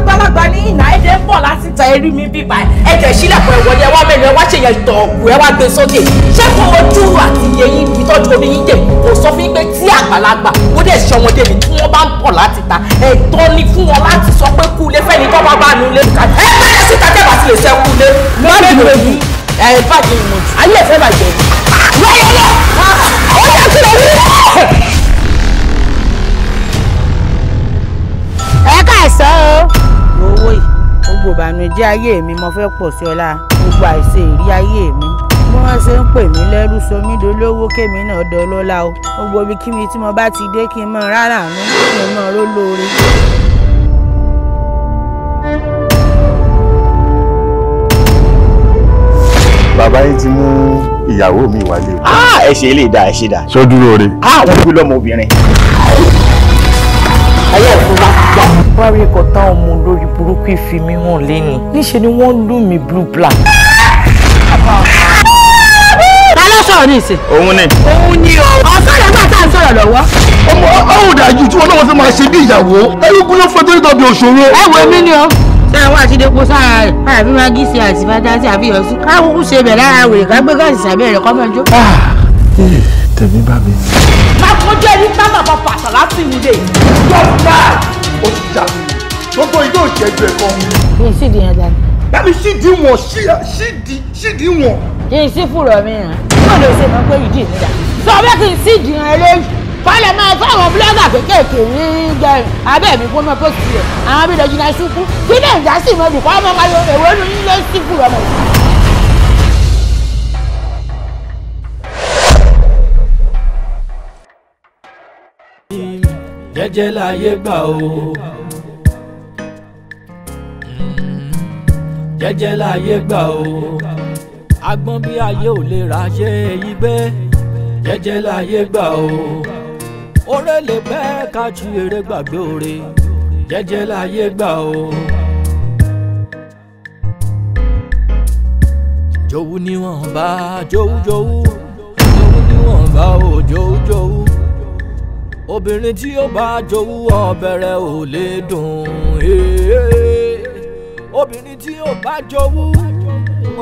àgbàlagbà ní ìnà ẹ̀jẹ̀ ń bọ̀ lásìta ẹ̀rí mi bíbá ẹ̀jẹ̀ sílẹ̀kùn ẹ̀wọ̀dẹ ẹ̀wá mẹ́rin ẹ̀wá ṣe yẹn tọ̀ ọ̀kù ẹ̀wá gbé sókè ṣé kò ojú àti iye yín ibi tọ́jú omi yín dè kò sọ fún pé tí àgbàlagbà ó dẹ̀ ṣe ọmọdé mi tí wọ́n bá ń bọ̀ láti ta ẹ̀tọ́ ni fún wọn láti sọ pé kú ilé fẹ́ni tó bá nu ilé ká ẹ bẹ́ẹ̀ o gbogbo owó yìí gbogbo ìbànújẹ́ ayé mi mo fẹ́ pọ̀ sí ọlá gbogbo àìsè ìrí ayé mi bí wọ́n ṣe ń pè mí lẹ́rú somi dolówó kémi náà dọlọ́lá o gbogbo ibi kí mi tí mo bá ti dé kí n mọ rárá àánú kí n mọ rólóore. bàbá yìí ti mú ìyàwó mi wálé. Ah, ẹ ṣe eléyìí dáa ẹ ṣe dáa. sọ dúró re. àwọn ah, gbé lọmọ obìnrin ayé ìfúnra gbà. wá rí ẹ̀kọ́ táwọn ọmọ olórí burúkú ìfi mi hàn lẹ́ni níṣẹ́ ni wọ́n lù mí blue black. ta ló sọ̀rọ̀ ní ìsìn. òun ni. òun ni o. ọ̀sán yẹn bá tá à ń sọ̀rọ̀ lọ́wọ́. ọmọ ọ̀hún dájú tí wọn náà wọ́n fẹ́ máa ṣe bí ìyàwó ẹ̀rúkú ló fẹ́ torí tọ́bi òṣòro. ẹ wo mi ni o sáwọn àtidépo sára rẹ àbí magi ṣe àti fata ṣe àbí yọsí káwọn kúkú ṣe bẹ lára wèrè ká gbé gáàsì sábẹ́ rẹ̀ tẹ̀mí bá mi. àkójọ ẹni tá bàbá pàṣà láti mi dé. dókítà ó ti dà mí gbogbo ìdó ìṣẹ́jú ẹ̀kọ́. mi ì sídìí yẹn dání. bẹ́ẹ̀ni sídìí wọn sídìí sídìí wọn. yìí sí fúrọ̀ mi hàn kó lè ṣe mọ́ pé ìdí mi dà. sọ bẹ́ẹ̀ kì í sídìí yẹn lóyún falẹ̀ máa fún àwọn búlọ́gà kéékèèké ní gẹ̀rìn abẹ́ mi fún ọmọ pósìtì rẹ̀ àwọn abidjan jìnnà ṣubú kí ní ìdásí mọ́ bìkọ́ ọmọ kan yóò èwe nu yín ló ṣubú ọmọ yìí. jẹ́jẹ́ láyé gbà o jẹ́jẹ́ láyé gbà o agbọ́n bí ayé ò lè ra ṣe èyí gbé jẹ́jẹ́ láyé gbà o oré lè pẹ́ ká ju eré gbàgbé òre jẹ́jẹ́ láyé gbà o. jòwú ni wọ́n bá jòwú jòwú jòwú ni wọ́n bá o jòwú jòwú obìnrin tí ó bá jowú ọbẹ̀ rẹ̀ ò lè dùn obìnrin tí ó bá jowú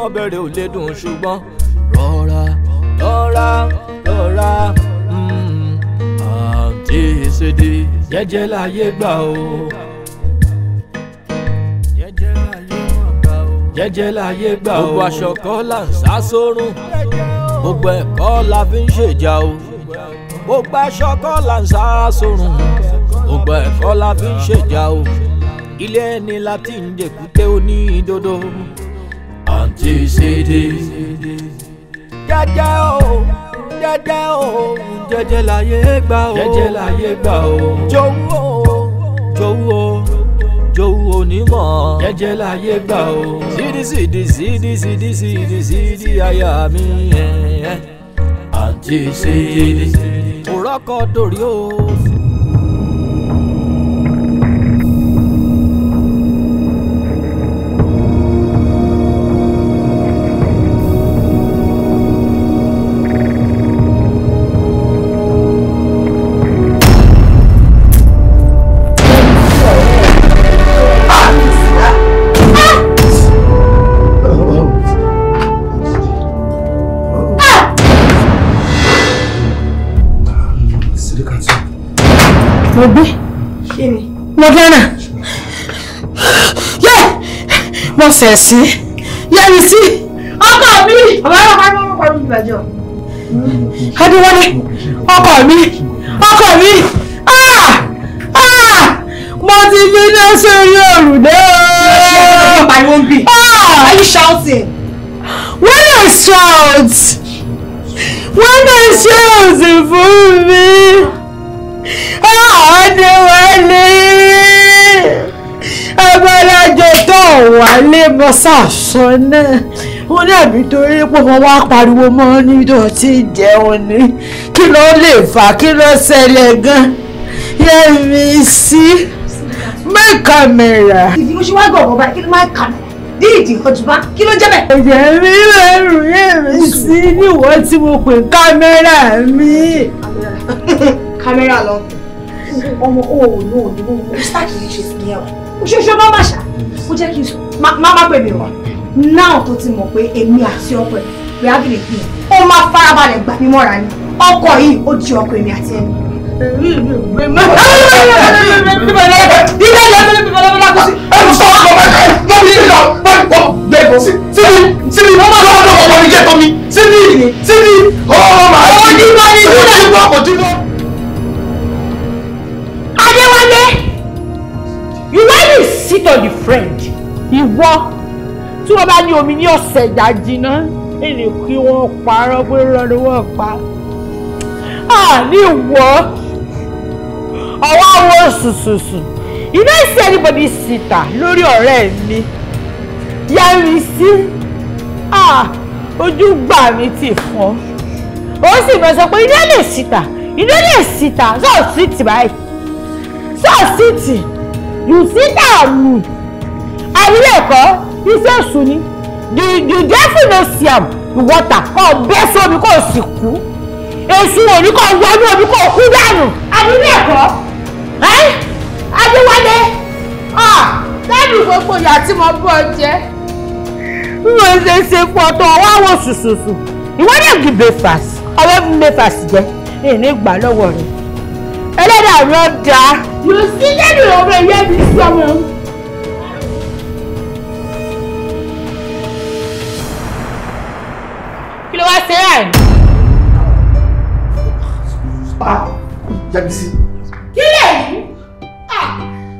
ọbẹ̀ rẹ̀ ò lè dùn ṣùgbọ́n rọra rọra rọra mm, àǹtí ìṣèdè jẹ́jẹ́ láyé gbà o. jẹ́jẹ́ láyé gbà o. gbogbo aṣọ kọ́ là ń sá sórun gbogbo ẹ̀kọ́ la fi ń ṣèjà o gbogbo aṣọ là ń sá sórun gbogbo ẹ̀kọ́ la fi ń ṣèjà o ilé ẹni la ti ń dèkúté onídodo. àǹtí ṣèdè. jẹ́jẹ́ o jẹ́jẹ́ o jẹ́jẹ́ láyé gbà o jẹ́jẹ́ láyé gbà o jọ̀wọ́ o jọ̀wọ́ o jọ̀wọ́ onímọ̀ jẹ́jẹ́ láyé gbà o sídìí sídìí sídìí sídìí sídìí sídìí àyà mi àǹtí ṣèdè ọ̀rọ̀ kan o. gbé. kí ni. lọ gánà. yẹ mo sẹ̀ sí yẹmi sí ọkọ mi. ọ̀bá yóò máa ń mú ọkọ mi ìbàjọ́. adéwọlé ọkọ mi ọkọ mi ah! Ah! mo ti fi iná sórí òrùlé o. Ah! Are you shouting? When I shout, when I shout for me. wálé mọ́ sàṣọ náà wọn dàbí torí pé wọn wá pariwo mọ́ nídọ̀tí ìjẹun ni kí ló lè fà kí ló ṣẹlẹ̀ gan yẹ mi sí mọ́ kàmẹ́rà. ìdí mo ṣe wá gbọ̀ bọ́ba kí ló máa ń kà mí díìdì ọ̀túnbá kí ló jẹ́ bẹ̀. ẹ̀jẹ̀ mi lẹ́rù yẹ̀mí sí níwọ̀ tí mo pè kámẹ́rà mi. kámẹ́rà lọ ọmọ òòlù òòlù ó sáà kì í ṣe sí ní ẹ̀wọ̀n oṣooṣù ọmọ màṣá ó jẹ́ kí n sọ má má pè mí mọ́ náà tó ti mọ̀ pé èmi àti ọkọ ẹ̀ pé ágìrì pé ó máa farabalẹ̀ gbà mí mọ́ra ni ọkọ yìí ó di ọkọ èmi àti ẹni. Adéwálé, you really sit on the friend ìwọ tí wọ́n bá ní omi ní ọ̀sẹ̀ ìjà jìnnà èlé kí wọ́n parọ́ pé rọ́ọ̀nù wọ́n pa ní ìwọ ọwọ́ wo sùsùsù iná ìsìn anybody síta lórí ọ̀rẹ́ mi yẹrí sí ojú gbà mí ti fọ́ ó sì mọ̀ sọ pé iná lè síta iná lè síta sọ́ọ̀sì tì báyìí sọ́ọ̀sì tì yù síta mi nílé ẹ̀kọ́ iṣẹ́ èṣù ni you definitely see am water kọ́ bẹ́ sómi kò sì kú èṣù òní kò wọnú omi kò kú dànù àbí nílé ẹ̀kọ́ ẹ́ adéwálé ọ̀ lẹ́nu gbogbo ìyá tí mo bọ́ jẹ́ mo ṣe ṣe fọ́tọ̀ wá wò sùsùsù ìwọ ní ègì breakfast ọwọ́ breakfast jẹ́ ìní ìgbà lọ́wọ́ rẹ̀ ẹlẹ́dàá rẹ̀ dáa. yóò sí lẹ́nu ọ̀rọ̀ ìyá mi sí ọmọ mi. wá ṣe ẹ̀ ní. a jẹbi sí. kí lè yí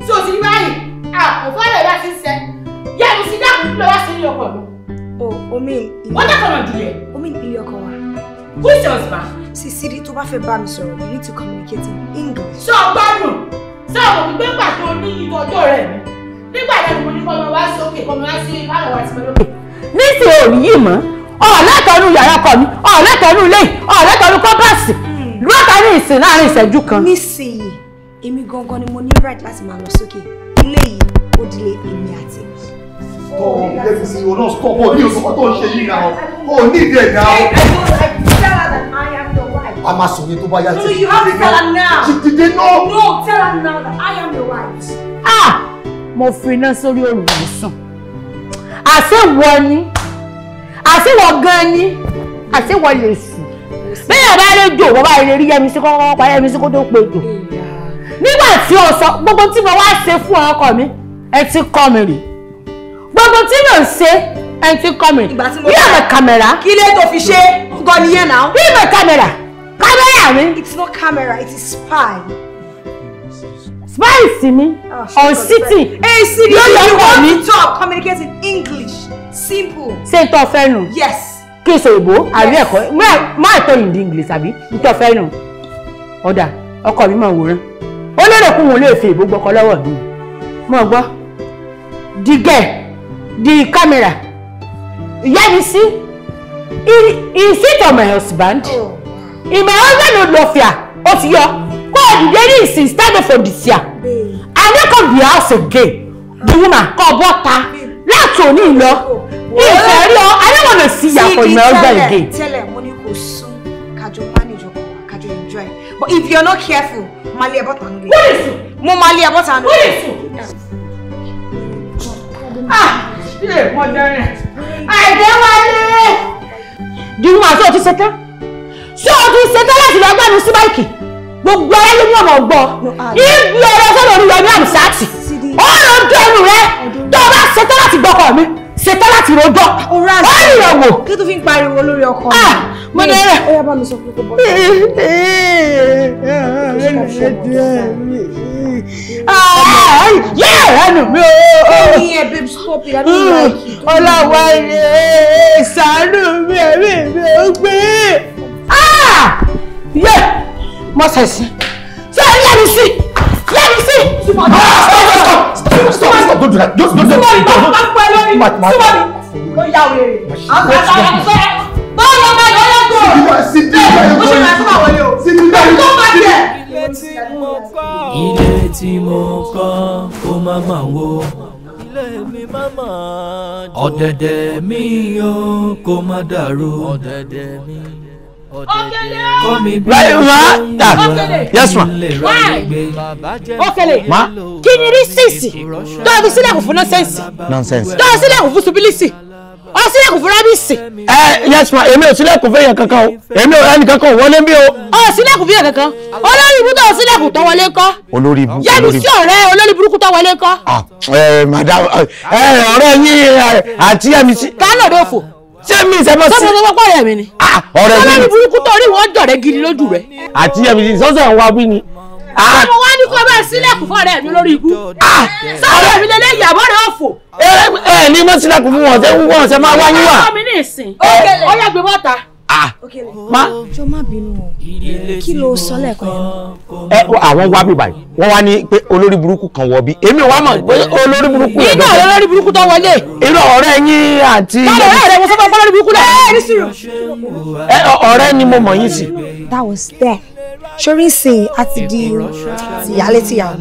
tí o ti rí báyìí àpòfọ́ rẹ̀ bá ti ń sẹ́ yẹ́nu sí dákun ló wá sí ilé ọkọ̀ lọ. o omi ìlú wọ́n dákọ̀ náà jùlẹ̀. omi ìlú ọkọ̀ wa. who is your husband. sisiri tó bá fẹ́ bá mi sọ̀rọ̀ you need to communicate in English. sọ gbádùn sọ àwọn òbí gbẹ́gbà tó ní ìlú ọjọ́ rẹ̀ nígbà yẹn mo ní kọ́ ọmọ wá sókè kọ́ ọmọ wá sí ìlú àwọn àti pẹ̀lú. nísìnyí ò yí mọ́ ọ̀lẹ́tọ̀ọ́nù yàrá kọ̀ mi ọ̀lẹ́tọ̀ọ́nù ilé ọ̀lẹ́tọ̀ọ́nù kọ́pẹ́ẹ̀sì látàrí hmm. ìsìn láàrin ìṣẹ́jú kan. nísìnyìí èmi gangan ni mo ní right láti máa lọ sókè ilé yìí ó dilé èmi àti. ọ lẹ́sìn sí ọ náà stop ọ ní òṣùpá tó ń ṣe yìí náà ọ ní ìdí ẹ̀ náà. a máa sọ yẹn tó bá yá sí. you have to tell her now. she did it no. no tell her now that I am your wife. ah mo fi iná sórí òrùlé sùn àṣẹ wọ ni àṣìwọ̀ gan ni àṣìwọ̀ lè sùn bẹ́ẹ̀ bá lè jò bọ́ bá lè rí yẹmísí kọ́kọ́ pa yẹmísí kó tó pe jò nígbà tí o sọ gbogbo tí mo wá ṣe fún ọkọ mi ẹ ti kọ́ mi rè gbogbo tí mo ṣe ẹ ti kọ́ mi rè bí ẹ̀mẹ̀ kàmẹ́rà kí lè tó fi ṣe gan nìyẹn náà bí ẹ̀mẹ̀ kàmẹ́rà kàmẹ́rà mi. it's not camera it is spy. spy sí mi on oh, city lórí ọkọ mi. you want to talk communicate in English simple. ṣé n tọ́ fẹ́ nù. yes. kí n sọ èbó àbí ẹ̀kọ́ má ẹ̀tọ́ yìí di english àbí n tọ́ fẹ́ nù. ọ̀dà ọkọ mi máa wòran ó lérò kún wọn lè fi èbó gbọ́kọ lọ́wọ́ mi mọ̀ gbọ́ di gẹ̀ di kámẹ́rà ìyá mi sí ìsítọ̀ my husband ìmọ̀ ọ̀gbẹ́ ló lọ fìyà ti yọ kó o dìde ní ìsìn stand for this year i no come be house again the woman kọ́ bọ́ta láti òní lọ. Oh ìfẹ́ rí ọ I don't want to see you for my husband again. Tell him money go soon. kájọ manage ọkọ̀ wa kájọ enjoy but if you're not careful mo about lé ẹ bọ́ta nù. wọ́n lè sùn. mo máa lé ẹ bọ́ta nù. wọ́n lè sùn. ah ṣe mo dẹrẹ àìdẹ́wálé. dirun àti ọtún ṣetá ṣé ọtún ṣetá láti lọ gbàdú sí báìkì gbogbo ayé ló ní ọmọ gbọ́ ibi ọ̀rọ̀ sọ́dọ̀ olúwa ní àmì sáàtì ó lọ dẹrù rẹ tó o bá ṣetá láti gbọ́kọ̀ mi ṣetán láti rojọ́ ó rìnrìn wò. kí tó fi ń pariwo lórí ọkọ mi. mo ní rẹ̀. ó yá bá mi sọ fún gbogbo yẹ ẹnu mi o ọlọ́wọ́ ẹ ṣàánú mi ẹ̀mí mi ò gbé yẹ mọ́sẹ̀sì sẹ́yìn lẹ́nu sí i. Let me see. Stop, stop, stop, stop, stop, Stop! don't do that. Just don't do that. Somebody, don't pẹ́ lórí. Somebody, ló yà wèrè. Àwọn àgbàlagbà fẹ́. Báwo ló máa yọ ọ́ tó? Ṣé o ṣe máa fún àwọn yòó? Tó máa jẹ. Ilé tí mo kọ́. Ilé tí mo kọ́, ó máa máa wó ilé mi máma jò. ọ̀dẹ̀dẹ̀ mi yóò kó má dàrú. ọ̀dẹ̀dẹ̀ mi. Right, ma. That. Yes, ma. Why? Okele. Ma. Kí ni rísìsì? Tó o fi sílẹ̀kùn fún nọ́sẹ̀nsì. Nọ́sẹ̀nsì. Tó o sílẹ̀kùn fún subilisi. O sílẹ̀kùn fún rábìsì. Ẹ eh, yes ma èmi ò sílẹ̀kùn fún èèyàn kankan o. Èmi ò ẹnì kankan ò wọlé mi o. O sílẹ̀kùn fún èèyàn kankan. Olórí ibú tó o sílẹ̀kùn tó wọlé ńkọ́. Olórí ibú. Yẹ́nu sí ọ̀rẹ́ olórí burúkú tó wọlé ńkọ́. Ẹ ah, eh, madam ẹ eh, ọ̀rẹ́ yín àti ẹ̀mí sí. Kálọ̀ dófò ṣé mi ìṣẹ́ mọ́ sí. sọ́dọ̀ tó pọ̀ rẹ̀ mi ni. Ah, ọ̀rẹ́ mi. sọ́dọ̀ burúkú tó rí wọ́n jọ̀ rẹ̀ gidi lójú rẹ̀. àti ẹ̀mí ti sọ́sẹ̀ ń wá bí ni. àwọn ah. wá ní kó bẹ́ẹ̀ sílẹ̀kùn fún ọ̀rẹ́ mi lórí ikú. Ah. sọ́dọ̀ mi lélẹ́ ìyàbọ̀ rẹ̀ ọ̀fọ̀. ẹ eh, ẹ eh, ní mọ́ sílẹ̀kùn fún wọn ṣé wọ́n ṣe máa wá yín wà. ọ̀rẹ́ mi ní ìsìn. Eh. ó yá gbé bọ́ta. Ah. àwọn wá bí báyìí wọ́n wá ní pé olórí burúkú kan wọ̀ bí èmi wá mọ̀ pé olórí burúkú yẹn. iná olórí burúkú tó wọlé. irọ́ ọ̀rẹ́ yín àti. báwo ọ̀rẹ́ rẹ mo sọ fún ọ burúkú náà. ẹ ọ̀rẹ́ ni mo mọ̀ yín sí. that was there sórí ìsìn àti di ìyálé tìyàwó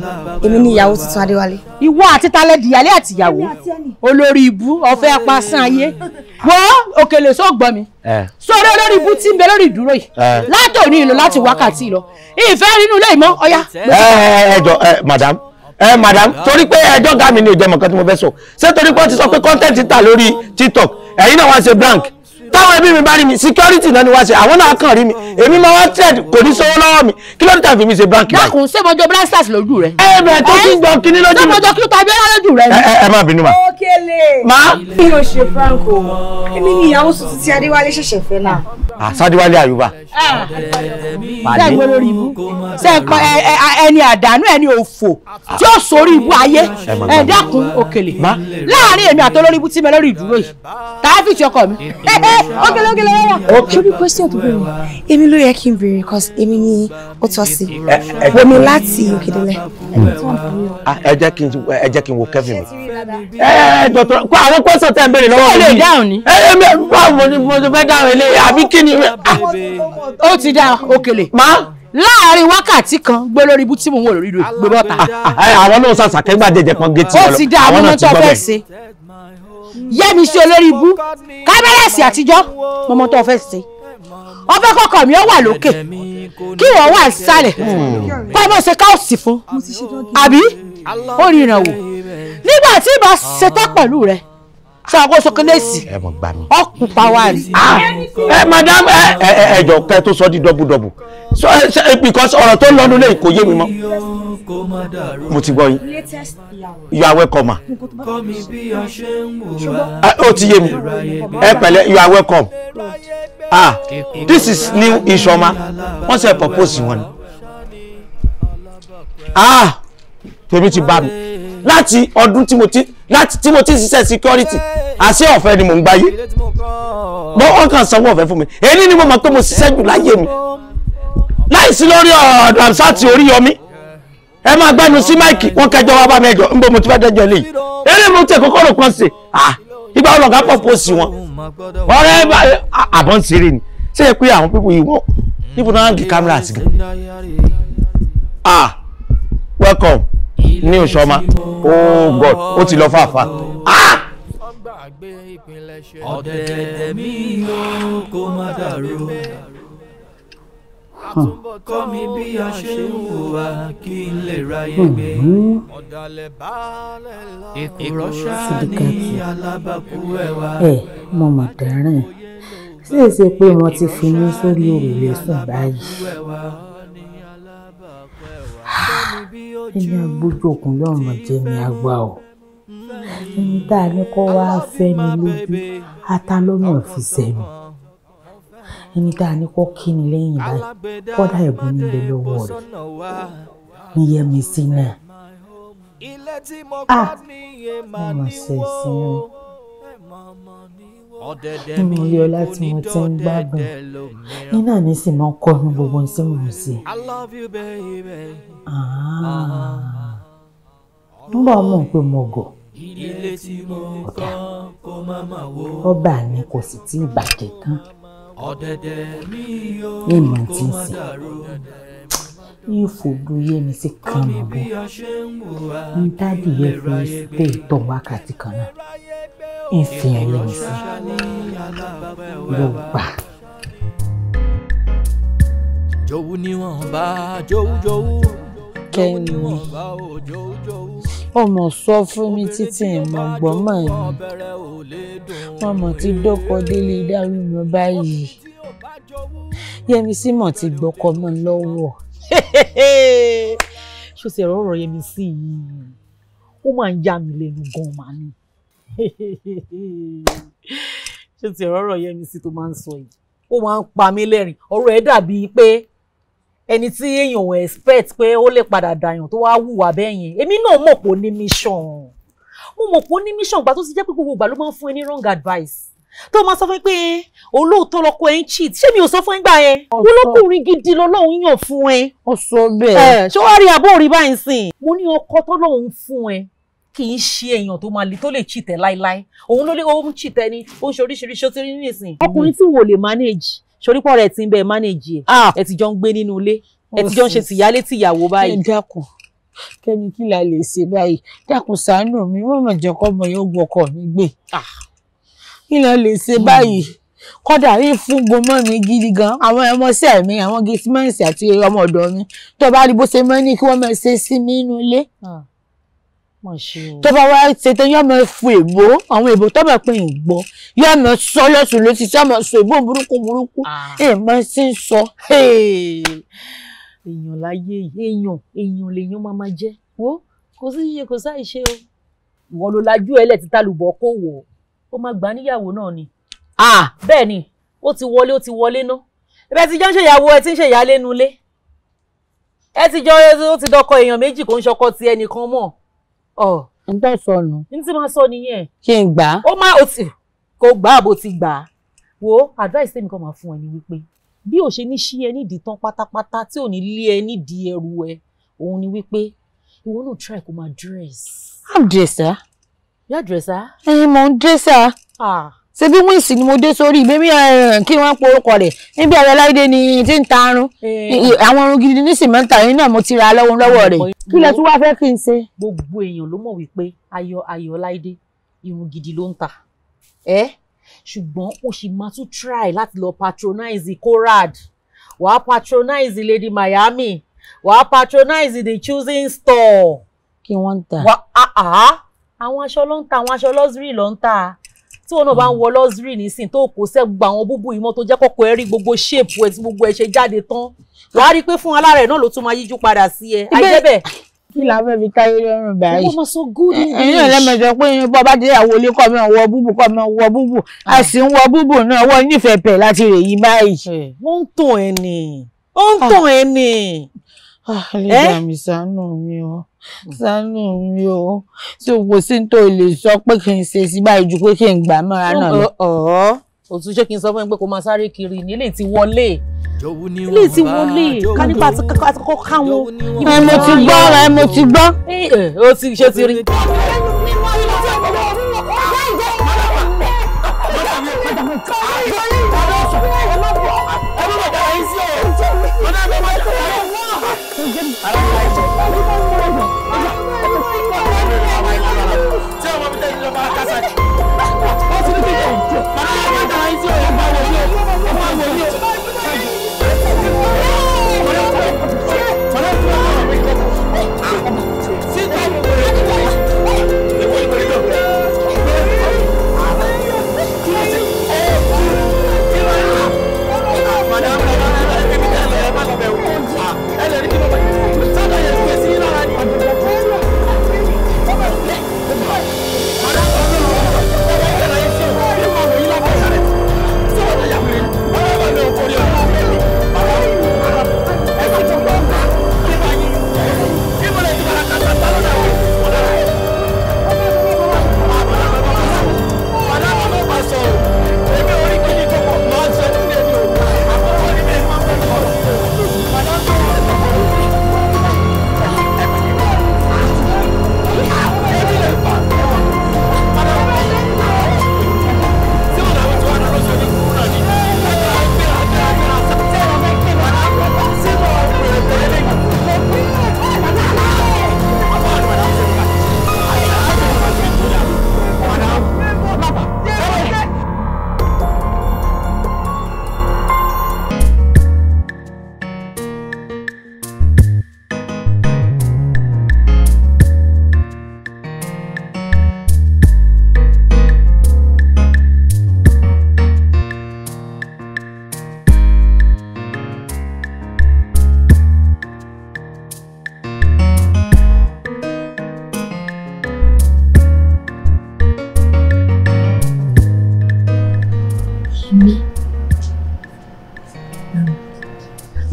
èmi ní ìyàwó tuntun adéwálé. ìwọ àti talẹ di ìyálé àti ìyàwó olórí ibú ọ̀fẹ́ apasán ayé wo òkèlè sọ gbọ́ mi sórí olórí ibú tí ń bẹ lórí ìdúró yìí látòní ìlò láti wákàtí lọ ìfẹ́ nínú ilé ìmọ̀ ọ̀yá. ẹ ẹ ẹ jọ ẹ madam ẹ madam torí pé ẹjọ́ gàmí ni ò jẹ́ mọ̀ọ́kan tí mo fẹ́ sọ ṣé torí pé ó ti sọ pé kọ́ńtẹ́ǹtì ta lórí tiktok ẹ̀yin náà wá ṣe blank táwọn ẹbí mi bá rí mi security náà ni wá ṣe àwọn náà kàn rí mi èmi máa wá trade kò ní sówó lọ́wọ́ mi kí ló ń tàbí mi ṣe báńkì báyìí. dákun ṣé mọjọ blasters lójú rẹ. ẹ bẹ̀rẹ̀ tó ti gbọ́ kinní lójú mi. sọmọjọ kí ló tàbí ọlá lójú rẹ. ẹ ẹ má bínú ma. Okele. ma. kí ló ṣe Franco èmi ni ìyàwó sùn títí Adéwálé ṣẹ̀ṣẹ̀ fẹ́ náà. àsádéwálé àyùbá. ṣé ẹ gbé lórí ibú ṣé ẹ pọn ẹni àdánù ẹni òfò tí ó sórí ibú ayé ẹ dákun Okele láàrin èmi àtọlórí ibú tí mi lórí ìdúró yìí tá ọ́fíìsì ọkọ mi ókèlè ókèlè yára. ṣóbi question tó bẹ̀rẹ̀ èmi ló yẹ kí n bèrè cause èmi ni ó tọ́ sí omi láti òkèdélẹ̀. Hmm. Ah, ẹ jẹ́ kí n ẹ jẹ́ kí n wo Kevin mi. ẹ ẹ dọ̀tọ̀ kó àwọn question tẹ̀ ń béèrè lọ́wọ́ mi. ó lè dáhùn ni. ẹ ẹ mi báwo ni mo fẹ́ dáhùn eléyìí àbí kí ni. Ah. ó ti dá òkèlè. máa láàárín wákàtí kan gbé lórí ibú tí mò ń wò lórí rẹ gbé bọ́ta. Ah, àwọn náà sàṣàkẹ́gbà jẹjẹ kan gé tí wọn lọ àwọn náà ti gbọ́ bẹ́ẹ̀ yẹ́mi sí olórí ibú kábẹ́rẹ́sì àtijọ́ mọmọ tó fẹ́ ṣe ọbẹ̀ kọkọ mi ó wà lókè kí wọ́n wà sálẹ̀ kọ́ ọmọ ṣe káòsì fún àbí ó rí ìrànwọ́ nígbà tí ìbá ṣetán pẹ̀lú rẹ̀ sọ àkóso kílẹ̀sì ọkù pàwá rí. ẹ ah! Ah! Eh, madam eh, eh, ẹ ẹ ẹjọ kẹ tó sọ di dọbùdọbù because ọ̀rọ̀ tó lọ́nu lẹ́yìn kò yé mi mọ́ mo ti gbọ́ yín you are welcome. Ah, ó ti yé mi ẹ pẹ̀lẹ́ you are welcome ah this is new Iṣọma wọ́n ṣe propose wọn ni ah tèmi ti bá mi láti ọdún tí mo ti láti Timothy mo ti security àṣẹ ọ̀fẹ́ ni mò ń gbáyé bọ́ wọ́n kàn sanwó ọ̀fẹ́ fún mi èyí ni mo mọ̀ pé mo ṣiṣẹ́ jù láyé mi láìsí lórí ọ̀dọ̀ uh, àmsáàtì Oríyọmí ẹ máa gbẹnu sí máìkì wọn kẹjọ wa bá mi ẹjọ ń bọ mo ti fẹ́ dẹjọ eléyìí eré mo tẹ kókó rò kan ṣe ìgbà wọn lọgá pọ̀ sí wọn ọ̀rẹ́ àbọ̀ ń ṣeré ni ṣé ẹ pé àwọn pípọ̀ yìí wọ́n níbo náà ń di kámẹ́rà àti gan ah welcome ní òṣọ́mà oh god ó ti lọ fàáfà. Ah! ọ̀dẹ̀ mi ò kó má dàrú kọ́ mi bí a ṣe ń hùwà kí n lè ráyè gbé. ọ̀dàlẹ̀ baálẹ̀ lọ. ìkúrọ̀ṣà ní alábàkú ẹ̀wà. ẹ mo mà dárìn ṣé èsì pé wọn ti fi mí sórí òrùlé sùn báyìí ẹni agbójú òkun lọ́rùn jẹ́ ni a gbà ọ́ ẹni tá a ní kó wá fẹ́ ni lójú atálọ́mọ̀ fi sẹ́nu ẹni tá a ní kó kí ni lẹ́yìn báyìí kọ́dà ẹ̀bùn nílé lọ́wọ́ rẹ̀ níyẹmísí náà ah mo mọ̀ ṣe sí i nínú ilé ọlá tí mo ti ń gbádùn nínú àmì sì máa ń kọ́ ní gbogbo tí mo ń ṣe. Ah. nígbà mọ̀ pé mo gọ̀ ọ̀dà ọba ni kò sì tí ì bàjẹ́ tán ìmọ̀ tí ń sè ìfòdù yẹmi sí kan ọ̀bọ̀ ń dádì yẹ fi sípè ìtọ̀ wákàtí kan náà ń fi hàn yẹmi sí ló gbà. jòwú ni wọn bá jòwú jòwú jòwú ni wọn bá o jòwú jòwú. ọmọ sọ fún mi títí ìmọ̀ gbọ́n mọ̀ ni ọmọ ti dọ́kọ̀ délé dárú mi báyìí yẹmi símọ̀ ti gbọ́kọ̀ mọ́ lọ́wọ́ ṣó ti ẹ̀rọ ọ̀rọ̀ yẹn mi sí i ó máa ń yá mi lẹ́nu gan-an màá ní ṣó ti ẹ̀rọ ọ̀rọ̀ yẹn mi sí tó máa ń sọ yìí ó máa ń pa mí lẹ́rìn ọ̀rọ̀ ẹ̀ dàbí pé ẹni tí èèyàn ò expect pé ó lè padà dàyàn tó wá hùwà bẹ́ẹ̀ yẹn èmi náà mọ̀ pé ó ní mission mo mọ̀ pé ó ní mission gbà tó ti jẹ́ pé gbogbo ìgbà ló máa ń fún ẹ ní wrong advice tó máa sọ fún pé olóòótọ́ lọ́kọ ẹ̀ ń cheat ṣé mi ò sọ fún ẹ̀ gbà ẹ̀ olókùnrin gidi lọ́lọ́run yàn fún ẹ. ó sọ bẹ́ẹ̀. ṣé wàá rí àbó rí báyìí sìn. mo ní ọkọ tọ́lọ́run fún ẹ kì í ṣe èèyàn tó máa le tó lè cheat ẹ láéláé òun ló lé òun cheat ẹ ni ó ń ṣe oríṣiríṣi ó ti rí nísìn. ọkùnrin tí wò lè manage ṣorí pọ̀ rẹ̀ ti ń bẹ manage ẹ̀ ah! ẹ̀ ti jọ ń gbé nínú ilé ẹ̀ ti jọ ń ṣe tìyálé tìyàwó báyìí. ẹ dákun kẹ́mi kí la lè ṣe báyìí dákun ṣàánú mi wọ́n mọ̀ jẹ́ kọ́ ọmọ yẹn ó gbọ́kọ̀ mi kí ló lè ṣe hmm. báyìí kódà yìí fún gbọmọ mi gidi gan àwọn ọmọọṣẹ́ mi àwọn gísímẹǹsì àti ọmọ ọ̀dọ̀ mi tó bá rí bó ṣe mọ ní kí wọn máa ṣe sí mi nínú ilé ah, tó bá wá ṣe tán yọmọ fún èbó àwọn èbó tó bá pè ń gbọ́ yọmọ sọ lọsùn ló ti sọ ọmọ sọ èbó burúkú burúkú èèmọ ah. sí ń sọ. èèyàn láyé èèyàn èèyàn lèèyàn máa máa jẹ wo kò sí iye kò sáì ṣe o ìwọ ló lajú ẹ lẹ ti tálùbọ kó wọ ó máa gbà níyàwó náà ni. bẹ́ẹ̀ ni ó ti wọlé ó ti wọlé ná ẹbẹ ti jọ ń ṣèyàwó ẹ ti ń ṣèyàlé nulẹ̀ ẹ ti jọ ó ti dọkọ èèyàn méjì kò ń ṣọkọ ti ẹnìkan mọ́ ọ. n tẹ́ sọnù. n ti máa sọ nìyẹn. kí n gbà. ó máa ò tí kò gbà àbò ti gbà wo advice tèmi kan máa fún ẹ ni wípé bí ò ṣe ní ṣí ẹ nídìí tán pátápátá tí ò ní lé ẹ nídìí ẹrù ẹ òun ni wípé ìwọ náà try kó máa dress. how dress ah yóò dírẹ́sà. ẹ mọ̀ ń dírẹ́sà. ṣé bí wíǹsì ni mo dé sórí bébí kí wọ́n po orúkọ rẹ̀ níbi ọ̀rẹ́ láìdé ni tí ń ta arún àwọn irun gidi ní sìmẹ́ǹtà yìí náà mo ti ra lọ́wọ́ lọ́wọ́ rẹ̀ kí lẹ tún wá fẹ́ kí n ṣe. gbogbo èèyàn ló mọ̀ wípé ayọ̀ ayọ̀ láìdé irun gidi ló ń ta ẹ́ ṣùgbọ́n o sì máa tún try láti lọ patronize korad. wàá patronize Lady Miami wàá patronize the choosing store. kí wọ́n ń ah. wàá àwọn aṣọ ló ń ta àwọn aṣọ luxury ló ń ta tí wọn náà bá ń wọ luxury nísìn tó kó sẹ gba àwọn búbú ìmọ tó jẹ kọkọ ẹ rí gbogbo shape ẹ tí gbogbo ẹ ṣe jáde tán wàá rí i pé fún alára ẹ náà ló tún máa yíjú padà sí ẹ ajẹ bẹ́ẹ̀ kí la fẹ́ fi káyé lọ́rùn báyìí. wọ́n mọ so good english. ẹ̀yin ọ̀lẹ́mẹ̀jọ pé yín bọ́ bá dé ìyàwó ilé kọ́ mi wọ búbù kọ́ mi wọ búbù a sì ń wọ búbù náà wọ́n nífẹ̀ẹ́ pẹ̀ láti rè yí báyìí. ó ń tàn ẹ́ nì ó ń tàn ẹ́ nì. ẹ ah, sánú mi o tí o kò sí tó lè sọ pé kí n ṣe sí báyìí ju pé kí n gbà mọ́ra náà lọ. òtún ṣé kí n sọ fún mi kó máa sáré kiri nílé ti wọlé ilé ti wọlé ká nípa àti kọ́kọ́ káwọn. ẹ mo ti gbọ́ ẹ mo ti gbọ́. ó ti ṣe ti rí. Ara ń la ẹ̀jẹ̀.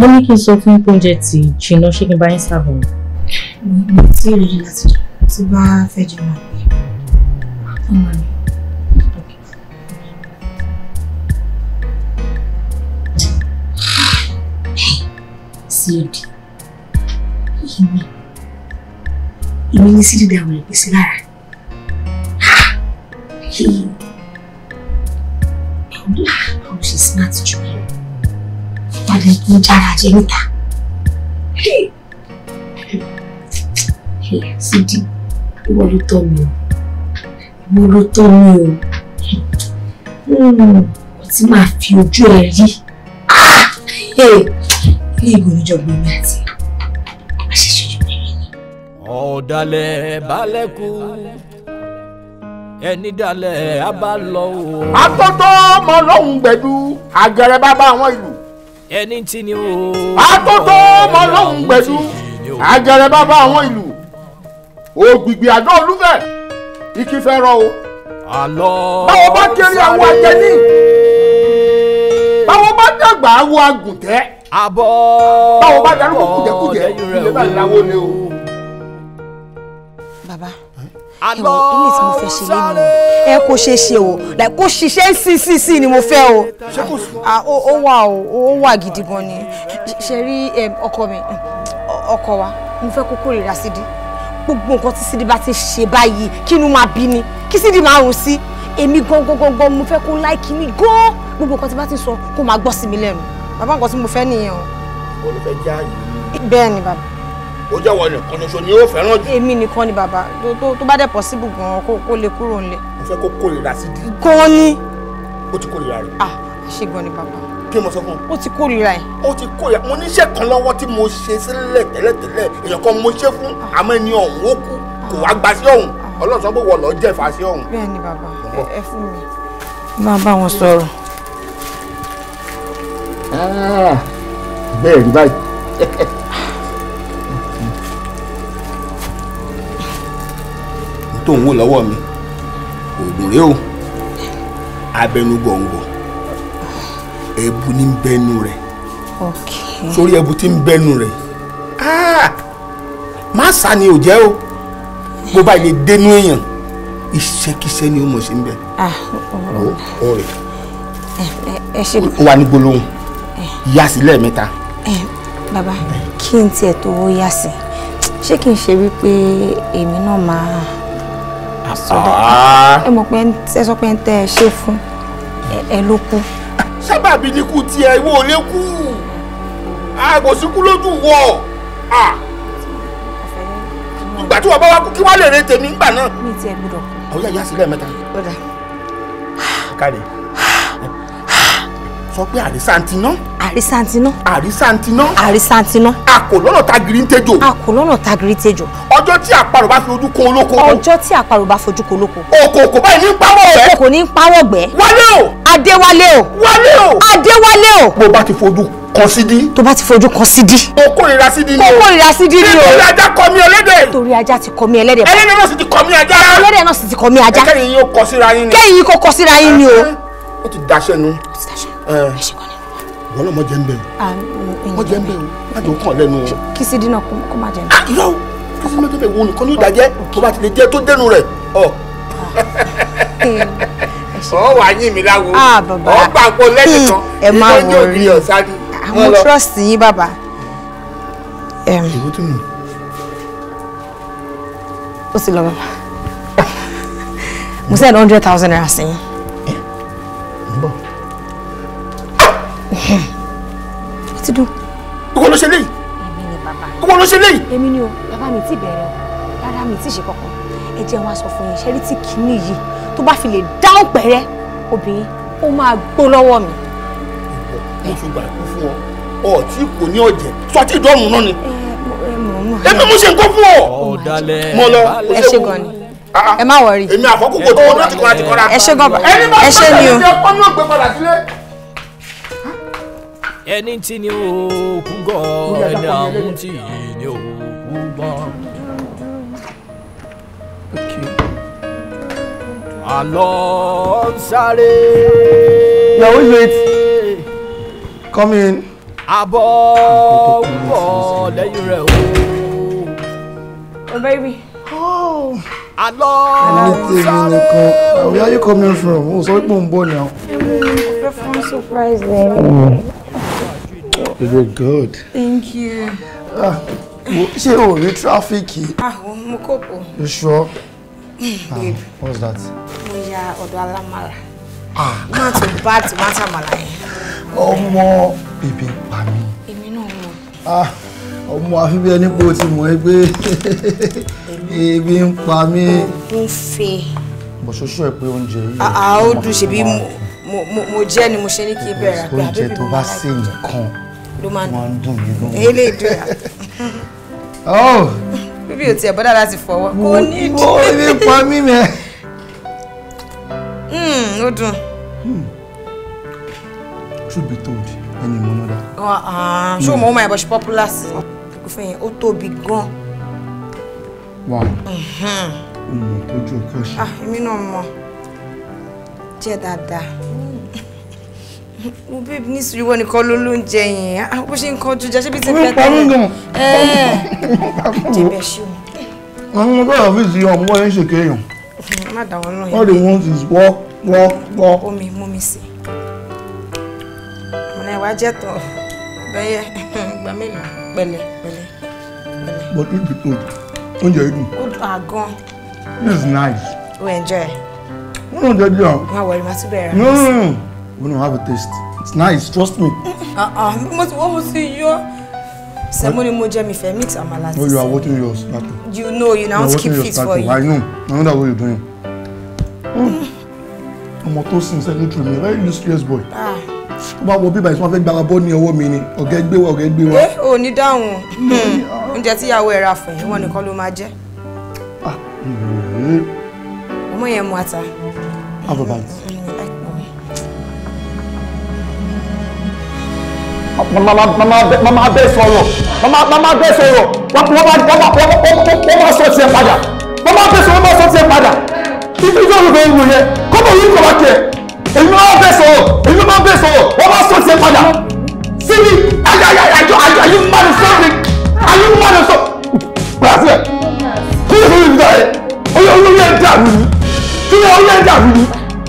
wọ́n ní kí n sọ fún yín pé oúnjẹ ti jìnnà ṣé kí n bá yín sáàbọ̀ ni. mo ti rí i láti tí bá fẹ́ jẹ máa pè é ọmọ mi. síìdì ìmí ìmí ní síìdì àwọn ìpèsè lára. rẹ tó ń jára jẹ níta. sídìí ìwọ ló tọ́ mi o ìwọ ló tọ́ mi o ọtí hmm, máa fi ojú ẹ rí ah! ilé ìgò níjọ̀gbọ́n mi àti àṣẹṣẹjọ mi rí ni. ọ̀dàlẹ̀ balẹ̀ kú ẹni dalẹ̀ a o. atótó ọmọ ọlọ́run gbẹ̀dú àgẹrẹ bàbá àwọn ìlú ẹni tí ni o. atótó ọmọ ọlọ́run pẹ̀lú àjẹrẹ bàbá àwọn ìlú ògbìgbì àdó olúfẹ̀ ìkìfẹ́ rọ o. àlọ́ báwo bá kiri àwọn àjẹní báwo bá dàgbà àwọn àgùntẹ́. àbọ̀ báwo bá darúgbó kùjẹkùjẹ ilé bá ìlàwọ́ ni o ẹ̀wọ̀ ilé tí mo fẹ́ ṣe ẹ kò ṣe ṣe o kò ṣiṣẹ́ ncc ni mo fẹ́ o ah, ó wà o ó wà gidi gan ni ṣe rí ọkọ mi ọkọ wa mo fẹ́ kó kórìíra sídi gbogbo nǹkan tí sídi bá ti ṣe báyìí kí inú máa bí ni kí sídi máa rùn sí èmi gangan gangan mo fẹ́ kó láìkí mi gan gbogbo nǹkan tí bá ti sọ kó máa gbọ́ sí mi lẹ́nu bàbá nǹkan tí mo fẹ́ nìyẹn o. olùfẹ́ jáàyè. bẹ́ẹ̀ ni bàbá ó jẹ́ wọlé kan ṣoṣo ni ó fẹ́ràn jù. èmi nìkan ni bàbá tó bá dẹ̀ possible gan-an kó lè kúrò ńlẹ̀. mo fẹ́ kó kórìíra sí di. gan-an ni. ó ti kórìíra rẹ̀. ah ṣé gan ni bàbá. kí mo sọ fún un. ó ti kórìíra ẹ̀. ó ti kórìíra mo níṣẹ́ kan lọ́wọ́ tí mo ṣe sílẹ̀ tẹ́lẹ̀tẹ́lẹ̀ èèyàn kan mo ṣe fún ah. àmọ́ ẹni ọ̀hún ó kú kò wá gba sí ọ̀hún ah. ọlọ́run sọ pé wọ́n lọ jẹ́ ìfàsí ọ̀hún. bẹ́ẹ̀ ni bàbá ẹ fún mi. tó ń wò lọ́wọ́ mi oògùn rèé o abẹnú gọ̀ǹgọ̀ ẹbu ní bẹnu rẹ̀ sórí ẹbu tí ń bẹnu rẹ̀ ah! má sá ni ò jẹ́ o bó bá lè dénú èèyàn iṣẹ́kíṣẹ́ ni ó mọ̀ sí ń bẹ̀. Ah, oh. ó rè eh, eh, ó wà ní gbólóhùn eh. yá sí lẹ́ẹ̀mẹ́ta. bàbá kí n tiẹ̀ tó yá ṣé kí n ṣe wípé èmi náà máa máa sọ bẹ́ẹ̀ ah. ẹ mọ̀ pé ẹ sọ pé ń tẹ ẹ ṣe fún ẹ ló kú. sábàbí ni kú tiẹ̀ ìwọ ò lè kú àgòsíkú lójú wọ̀ ìgbà tí wọ́n bá wá kú kí wọ́n lè retè mí ńgbà náà. mi ti ẹ gbọ́dọ̀. ọ̀ya ìyá sílẹ̀ mẹ́ta. ó káre sọ pé àrísàntiná. àrísàntiná. àrísàntiná. àrísàntiná. àkòlọ́nà tagiri ń tejò. àkòlọ́nà tagiri ń tejò. ọjọ́ tí àparò bá fi ojú kan olóko. ọjọ́ tí àparò bá fojú kan olóko. òkòkò báyìí ní pawọ́ ọ̀gbẹ́. òkòkò ní pawọ́ ọ̀gbẹ́. wálé o. adéwálé o. wálé o. adéwálé o. bó bá ti fojú kan sídí. tó bá ti fojú kan sídí. o kórìíra sídí ni o. o kórìíra sídí ni o. nítorí ajá kọ mí ẹlẹ́dẹ̀. nítorí ajá ti kọ mí ẹlẹ́dẹ̀. ẹlẹ́dẹ̀ náà sì ti kọ mí ajá. ẹlẹ́dẹ̀ náà sì ti kọ mí ajá. kẹ́yìn yìí kó kọ síra o. ó ti daṣẹ́ Eh. ẹ ṣe kàn ní. wọn náà mọ jẹ ń bẹ o mọ jẹ ń bẹ o má jẹ òkàn lẹ́nu o. kìsì dínà kó má jẹ ń bẹ. Ah, irọ́ kìsì má jẹ bẹ wo nìkan ní ìdájẹ́ tó bá ti lè jẹ́ tó dẹnu rẹ̀ ọ. Ah, ọ wà yín mi láwo ah, ọ gbà pọ lẹ́yìn kan ìlọ́jọ́ òbí ọ̀sán ni. àwọn trust yín bàbá. èwo tún nù. ó sì lọ bàbá mo send hundred thousand naira sí yín. ti dùn. ìwọ ló ṣe léyìí. èmi ni bàbá. ìwọ ló ṣe léyìí. èmi ni o bàbá mi ti bẹ̀rẹ̀ o rárá mi ti ṣe kankan ẹ jẹ́ wọn aṣọ fún yín ṣẹ́rí tí kìíní yìí tó bá fi lè dá òpẹ́rẹ́ obìnrin ó máa gbó lọ́wọ́ mi. mo fi gbà kú fún ọ ọ tí kò ní ọjẹ sọ àti ìdọ́rùn náà ni. èmi mo ṣe nǹkan fún ọ. mo lọ ẹ ṣe gan ni ah, ah. ẹ má wọrí. èmi àfọkùnkùn tó wọn náà ti kọ́ra ti kọ́ra. ẹ ṣe gan ẹ ṣe ni o. ẹni máa ń bá ọ̀sẹ̀ ìṣe ọpọ́n náà gbé padà sílé ẹni tí ni òkú gọ̀ ẹni àwọn tí ni òkú gbọ́. àlọ́ ń sáré. na we wait come in. abọ́ ń ah, lẹ́yìn rẹ̀ o. oh baby. Oh. Hello. Hello. Where are you coming from? Oh, sorry, Bombo now. I'm from surprise, baby. You look good. Thank you. Ah, ṣé o rí tráfíkì? Ah, mo kọ́pọ̀. You sure? Mm, ah, babe. Ah, what's that? Mo ya ọ̀dọ̀ alámàlà. Ah. Má tó bá to má tàmàlà yẹn. Ọmọ bèbè pa mí. Èmi náà mọ̀. Ah, ọmọ àfi bí ẹni pé o ti mọ̀ ẹ́ pé ebi ń pa mí. Mo ń fe. Bọ̀ ṣoṣo ẹ̀ pé oúnjẹ yìí. Ah, ah, Àá mo mo ṣe mo máa ń gbà. Oúnjẹ tó bá sí nǹkan ló máa ń dùn mí lóhùn. èyí lè dùn yà. Oh. bíbí ò tiẹ̀ bọ́dà láti fọwọ́ kò ní ìdí. mo ní pa mí mẹ́. Hmm, ó dùn. Hmm. truth be told ẹni mo náà dá. ṣé o mọ̀ ọ́n máa ṣe popular sí i. ìkúfẹ́ yẹn ó tóbi gan-an. wà á mọ̀ tójú ọkọ ṣe. Ah, èmi náà mọ̀ jẹ́ dáadáa wo babe ní sùúrù wọn nìkan ló ló ń jẹ yẹn ah, bó ṣe ń kọjú jẹ ṣé bí ti fẹ́ tẹ́lẹ̀ ẹ jẹbẹ ṣe o. àwọn ọmọ bẹ́ẹ̀ ọ́fíìsì yọ ọmọ yẹn ṣèké èèyàn. má dà wọn náà yẹn. all they want is wọ́ wọ́ wọ́. omi mú mi sí ọ̀nà ìwà jẹ́ tọ̀ bẹ́yẹ gbà mélòó pẹ̀lẹ́ pẹ̀lẹ́. but it be oúnjẹ yìí dùn. ó dùn àgàn. this is nice. we enjoy. wọ́n náà jẹ́ díẹ̀. wọ́n á wọlé màá tún We don't have a taste. It's nice, trust me. Uh-uh, ah, ah, because what was your ceremony moja mi fe mix amala No, you are watching your snack. You know, you now keep fit for you. I know. I know that what you're doing. Hmm. Ọmọ tó sin se ni true me, very serious boy. Ah. Ó bá wo bí báyìí so fẹ́ gbara bo ni ọwọ́ mi ni. me. gbé wa, ọ̀gá gbé wa. Eh, ó ní dáhùn. Hmm. Oúnjẹ tí yàwó ẹ rà fún yín, wọ́n ní kọ́ ló máa jẹ. Ah, hmm. Ọmọ yẹn mu water. Have a bite. Hmm. mama bẹ́ẹ̀ sọ̀rọ̀ mama bẹ́ẹ̀ sọ̀rọ̀ wọ́n máa sọ tiẹ̀ padà mama bẹ́ẹ̀ sọ̀rọ̀ wọ́n máa sọ tiẹ̀ padà títí tó rògbò ìwò yẹn kọ́mọ yìí kọ̀ wá tiẹ̀ èyí ló máa bẹ́ẹ̀ sọ̀rọ̀ èyí ló máa bẹ́ẹ̀ sọ̀rọ̀ wọ́n máa sọ tiẹ̀ padà síbi ayáyáyájọ ayé mmanu sọ́ọ̀rì ayé mmanu sọ gbàtí ẹ̀ kí ló ń dà ẹ̀ oyè oyè ń dà wù ní kí ló ń dà wù ní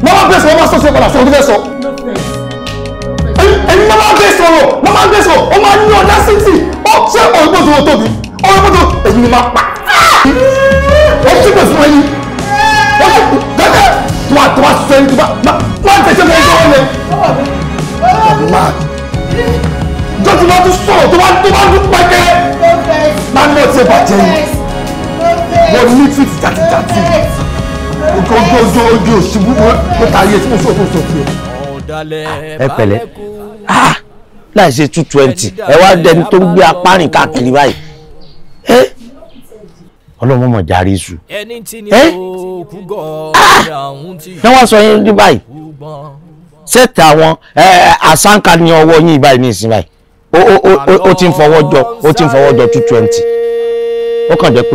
wọ́n máa bẹ́ẹ̀ sọ̀rọ̀ wọ́n máa sọ tiẹ̀ padà sọ̀rọ̀ èmi máa ń gbé sọ̀rọ̀ mo máa ń gbé sọ̀rọ̀ ó máa ń ní ọ̀dá síìtì ó ṣé òyìnbó tó tóbi òyìnbó tó èyí ni máa pa ó ti pè fún ẹyin ó ti pè gẹ́gẹ́ tó wà tó wà sẹ́yìn tó bá máa ń tẹ̀sẹ̀ fún ẹjọ́ rẹ̀ máa jọ́ ti máa tún sọ̀rọ̀ tó bá tó bá tún pẹ́kẹ́ máa ń lọ sí ìbàjẹ́ yìí mo ní tìtì jàtìjàtì nǹkan ojú ojú ojú òṣìbú mo ta ayé tí mo sọ̀rọ̀ sọ̀rọ̀ fún ẹ. ẹ pẹ̀lẹ́ láì ṣe two twenty ẹ wá dẹni tó ń gbé apárìn káàkiri báyìí ẹ ọlọ́run mọ̀ járe iṣu ẹ ẹ wọ́n wá sọ yín ní báyìí sẹ́ẹ̀tì àwọn àsáǹkà ní ọwọ́ yín báyìí ní ìsìn báyìí ó ti ń fọwọ́ jọ ó ti ń fọwọ́ jọ two twenty ó kàn jẹ́ pé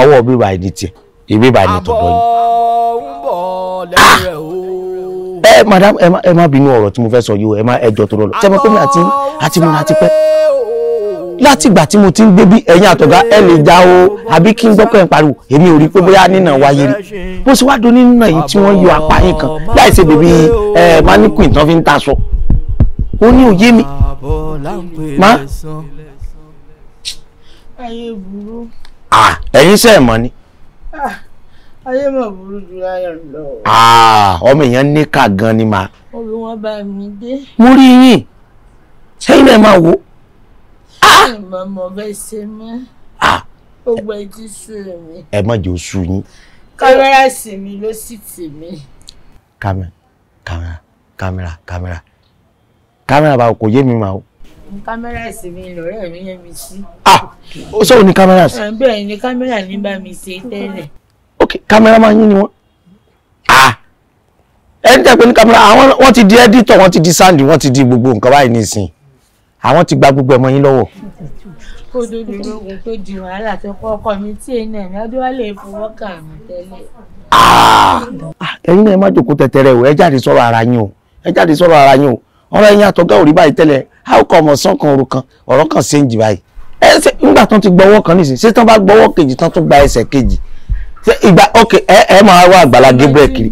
ọwọ́ bíbá ẹni tiẹ̀ ìbíbá ẹni tọ̀dọ̀ yín. Eh, ẹ madam ẹ má bínú ọ̀rọ̀ tí mo fẹ́ sọ yìí o ẹ má ẹjọ́ tó lọ́lọ́ ṣé mo pé mi àti àti mo láti pẹ́ látìgbà tí mo ti ń gbébí ẹ̀yin àtọ̀gá ẹ lè já o àbí kí n gbọ́ pé ń pariwo èmi ò rí pé bóyá nínà wáyé rí bó ṣe wáá do nínà yìí tí wọ́n yọ apá yín kan láì ṣe bèbí ẹ mannequin tán fi ń taṣọ ó ní òye mi má. ẹ̀yin sẹ́ẹ̀ mọ́ ni. Ah ayé mà burú jù láyọ̀ lọ. Ah, ọmọ èèyàn níkà gan ni mà. orí wọn bá mi dé. mo rí yín sẹ́yìn náà máa wò. Ah! ìmọ̀ mọ̀ bẹ́ẹ̀ ṣe mọ́. gbogbo ẹjí sú mi. ẹ má jẹ́ oṣù yín. kámẹ́rà sì mi ló sì tì mí. kámẹ́rà kámẹ́rà kámẹ́rà kámẹ́rà kámẹ́rà báwo kò yé mi mà o kámẹ́rà sí mi lọ́rẹ́ mi yẹn mi sí. Ah! ó sọ̀rọ̀ ní kámẹ́rà sí. bẹ́ẹ̀ ni kámẹ́rà ní bá mi ṣe tẹ́lẹ̀ ok kámẹ́rámà yín ni wọ́n ah ẹni tẹ̀ pé ní kámẹ́rà àwọn wọ́n ti di ẹ́dítọ̀ wọ́n ti di sáǹdì wọ́n ti di gbogbo nǹkan báyìí nísìn àwọn ti gba gbogbo ẹ̀mọ́ yín lọ́wọ́. kó dodo lóògùn tó di wàhálà tó kọ́ ọkọ mi tí ah! Ah, ẹ má jòkó tẹ̀tẹ̀rẹ̀ o ẹ jáde sọ̀rọ̀ ara yín o ẹ jáde sọ̀rọ̀ ara yín o ọ̀rọ̀ ẹ̀yin àtọ̀gá ò rí báyìí tẹ́lẹ̀ how come ọ̀sán kan òru kan ọ̀rọ̀ kan ṣe ń jì báyìí ẹ ṣe nígbà tán ti gbọ́wọ́ kan nísìnyí ṣé tán bá gbọ́wọ́ kejì tán tún gba ẹsẹ̀ kejì ṣe ìgbà ok ẹ ẹ máa wá àgbàlá Gabriel kiri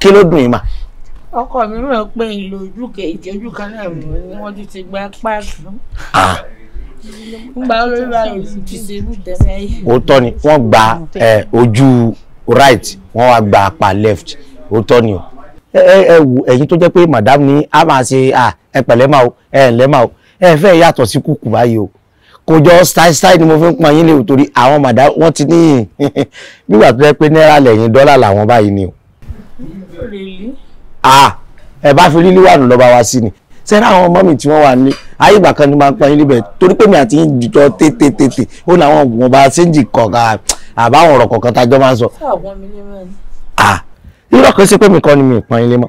kí ló dùn yín mà. ọkọ mi rò pé ìlò ojú kejì ojú kan náà ni wọn ti ti gba páàkì. gba olórí báyìí ti ti ṣe ibùdó sẹ́yìn. òótọ́ ni wọ́n gba ojú right wọ́n wá gba apá left òótọ́ ni o ẹ wò ẹ̀yin tó jẹ́ madam ni a máa ṣe ẹ pẹ̀lẹ́ máa o ẹ ǹlẹ́ máa o ẹ fẹ́ yàtọ̀ sí kùkù báyìí o kò jọ style style ni mo fi ń pọn yín lè torí àwọn màdá wọ́n ti ní bígbà tó yẹ pé náírà lẹ́yìn dọ́là làwọn báyìí ni o. ẹ bá fi lílí wà lọ́ba wa sí ni sẹ́rẹ́ àwọn ọmọ mi tí wọ́n wà ní ayé ìgbà kan ni máa ń pọn yín níbẹ̀ torí pé mi àti yín jùjọ tètè tètè ó làwọn wọn bá séǹjì kọ̀ọ̀kan àbáwọn ọ̀rọ̀ kọ̀ọ̀kan tájọ́ máa ń sọ. irọ́ kan sí pé mi kọ́ ni mi pọn yín lé mọ́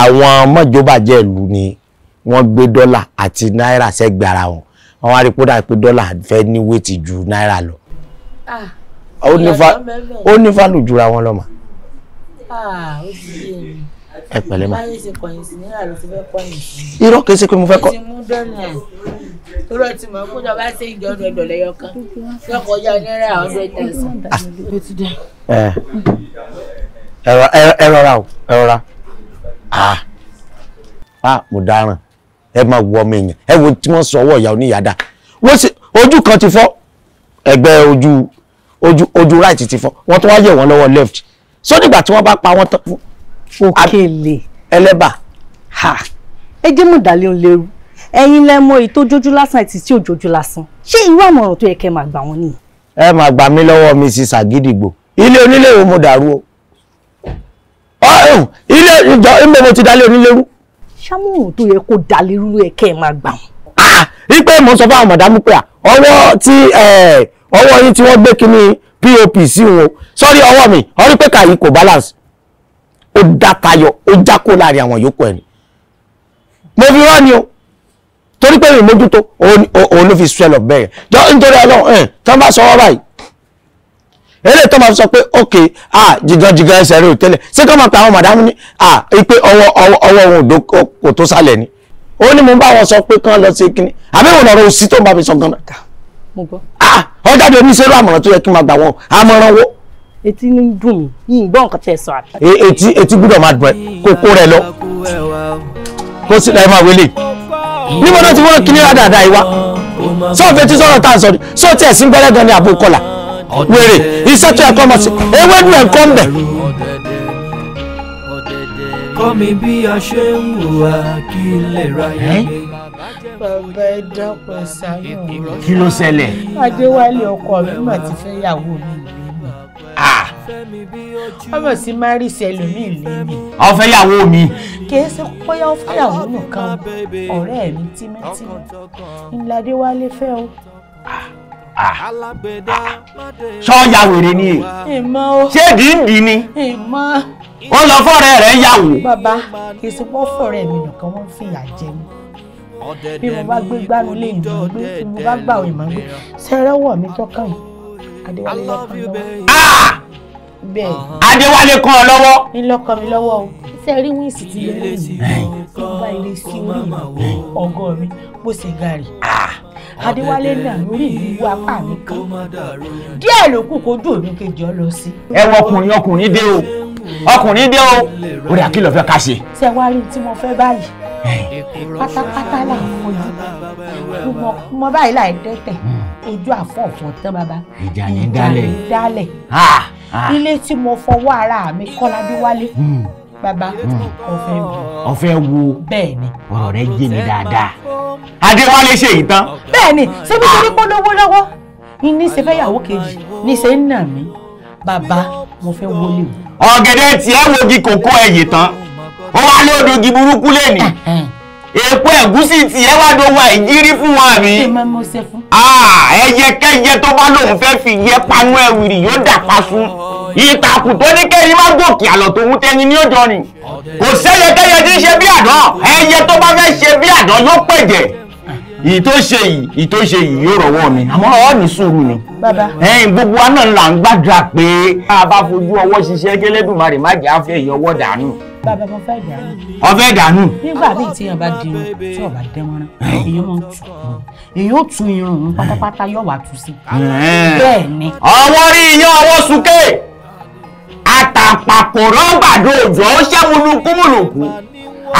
àwọn mọ́jọba jẹ́ ìlú ni wọ́n gbé dọ́là àti náírà sẹ́gbẹ̀ẹ́ ara wọn wọ́n wá rí kódà pé dọ́là fẹ́ ní wéètì ju náírà lọ. Ah, ó ní fálù jura wọn lọ́mọ. Ah, ẹ pẹ̀lẹ́ ma. irọ́ kìí ṣe pé mo fẹ́ kọ́. irọ́ tí mo kó jọba ṣe ìjọ ọdún ẹ̀dọ̀ lẹ́yọ kan lọ́kọ̀ ọjọ́ náírà ọdún ẹ̀dọ̀ ẹ̀sán. ẹ rọra o ẹ rọra ah, ah mo dáràn ẹ máa wọ ọmọ èèyàn ẹ wo tí wọ́n sọ ọwọ́ ìyá oníyàdá wọ́n sì ojú kan ti fọ́ ẹgbẹ́ ojú ojú ojú right ti fọ́ wọ́n tún wá yẹ̀ wọ́n lọ́wọ́ left so nígbà tí wọ́n bá pa wọ́n tán. òkèlè ẹlẹ́bà. ha ẹ jẹ́ mú ìdálé òun lérú ẹ̀yin lẹ mọ èyí tó jójú lásán àti tí ò jójú lásán ṣé irú àmọ̀ràn tó yẹ kẹ́ máa gbà wọ́n nìyí. ẹ máa gbà mí lọ́wọ́ Mrs. Àgídìgbò ilé onílé wo mo dàrú o ilé ìjọ ìgbẹ́ mo ti dálé onílé rú ṣámúrùn tó yẹ kó dalérú ló yẹ kẹ́ ẹ máa gbà wọn. Ah! wípé mo sọ fáwọn màdámù pé ọwọ́ tí ọwọ́ yín tí wọ́n gbé kínní pop sí wọn sọ́rí ọwọ́ mi ọ rí pé kàyí kò balance ó dá tayọ ó jákó láàrin àwọn yòókù ẹni mo fi rán ni o torí pé mi mójútó òun ló fi swell up bẹ́ẹ̀ nítorí ọlọ́run tán bá sọ wọ́n báyìí eléyìí tó máa sọ pé ok ah jìgàn jìgàn ẹsẹ̀ rẹ̀ ò tẹ́lẹ̀ ṣé kọ́ máa pa àwọn màdámù ní ah pé ọwọ́ ọwọ́ òun òdo kò tó sálẹ̀ ni ó ní mo bá wọn sọ pé kán lọ sí kíní àbí òun ọ̀rọ̀ òsì tó ń bá mi sọ gan-an. ah ọjà bí oníṣẹ́rú àmọ̀ràn tó yẹ kí n máa gbà wọ́n àmọ̀ràn wo. etí ń dùn mí yìí gbọ́ nǹkan tẹ̀ sọ àbí. E, etí etí gbúdọ̀ máa dùn ẹ kó kó rẹ lọ kó sì láì máa wélé níbo náà ti wọ́n kíní rádàdà yìí wá sọ́ọ̀fẹ́ tí sọ̀rọ̀ tá à ń sọ ni sọ́ọ̀tì ẹ̀sìn bẹ́rẹ̀ ni àbúkọ́là wèrè iṣẹ́ tó yẹ kọ́ ọmọ sí ewédú ẹ̀ ń kọ́ mbẹ̀. kọ́ mi bí a ṣe ń hùwà kí n lè ra ilé. bàbá ẹ dápọ̀ sáyọ̀ rọ. kí ló ṣẹlẹ̀. adéwálé ọkọ mi mà ti fẹ́ yàwó mi ọmọ sí mari sẹlómi mi ni. ó fẹ́ yàwó mi. kì ṣe bóyá ó yàwó nìkan ọ̀rẹ́ mi tímẹ́tímẹ́ ńlá adéwálé fẹ́ o sọ́ọ̀yà ah. ah. wèrè ni è ṣé dìídì ni ó lọ fọ́ọ̀rẹ́ rẹ̀ yàwó. bàbá kì í sopọ̀ fọ́ọ̀rẹ́ mi nìkan wọ́n fìyà jẹ mí bí mo bá gbé gbánu lé ìmọ̀ gbé bí mo bá gbà ìmọ̀ gbé sẹ́rẹ́wọ̀ mi tọ́kàn yìí adéwálé lọ́kàn lọ́wọ́. Ah! bẹ́ẹ̀ uh-huh. adéwálé kàn ọ́ lọ́wọ́. ní lọ́kàn mi lọ́wọ́ o ṣe rí wíńsì tí mo lè yìí mo bá ilé sí orí ọgọ́ mi bó ṣe gàrí adéwálé náà lórí ìlú apá mi kan díẹ̀ ló kù kójú òní kejì ọ lọ sí. ẹ wọ ọkùnrin ọkùnrin dé o ọkùnrin dé o ó dà kí lọ fẹ́ ká ṣe. ṣé wàá rí tí mo fẹ́ báyìí pátápátá làwọn ọmọ yìí mo báyìí láì dẹ́tẹ̀ ojú àfọ̀fọ̀ tán bàbá ìjà dálẹ̀ ah, ah. ilé tí mo fọwọ́ ara mi kọ́ Baba, ọ̀fẹ́ wo. ọ̀fẹ́ wo bẹ́ẹ̀ni ọ̀rọ̀ rẹ yé mi dáadáa. adéwálé ṣe yìí tán. bẹ́ẹ̀ni ṣebí ṣebí polówó lọ́wọ́ ní ṣe fẹ́ yàwó kejì ní ṣe ń nà mí bàbá mo fẹ́ wọlé o. ọ̀gẹ̀dẹ̀ tiẹ̀ wogi kòkó ẹ̀yìn tán ó wá lódogi burúkú lẹ́nìí èpo ẹ̀gúsí tiẹ̀ wá dó wa ìjírí fún wa mi. ṣé máa mọ ṣe fún. Ah, ẹyẹkẹyẹ tó bá lóun fẹ́ fi yẹ panu ẹ̀wìrì yóò dà pa fún ìtàkùn tó ní kẹ́yìn má gòkè àlọ́ tó wú tẹ́yìn ní ọjọ́ ni kò sẹ́yẹ kẹ́yẹ tí ń ṣe bí àdán ẹyẹ tó bá fẹ́ ṣe bí àdán yóò pẹ̀jẹ̀ ìyí tó ṣe yìí ìyí tó ṣe yìí yóò rọ̀wọ́ mi àmọ́ ọwọ́ mi sùúrù ni ẹ̀yin gbogbo wa náà là ń gbàdúrà pé a bá fojú ọwọ́ ṣiṣẹ́ kẹ́lẹ́dùmarè má jẹ́ àfẹ́ ìyọwọ́ dànù bàbá mo fẹ́ dànù. ọfẹ́ dànù. nígbà míì tí èèyàn bá di tí ọba dẹ́mọ́rán èèyàn máa èèyàn ó irun pátápátá yóò wá tu sí. ọwọ́ rí iyán ọwọ́ sunké àpàkòrọ́ gbàdo òjò ṣẹ́múlú kúmùlùkù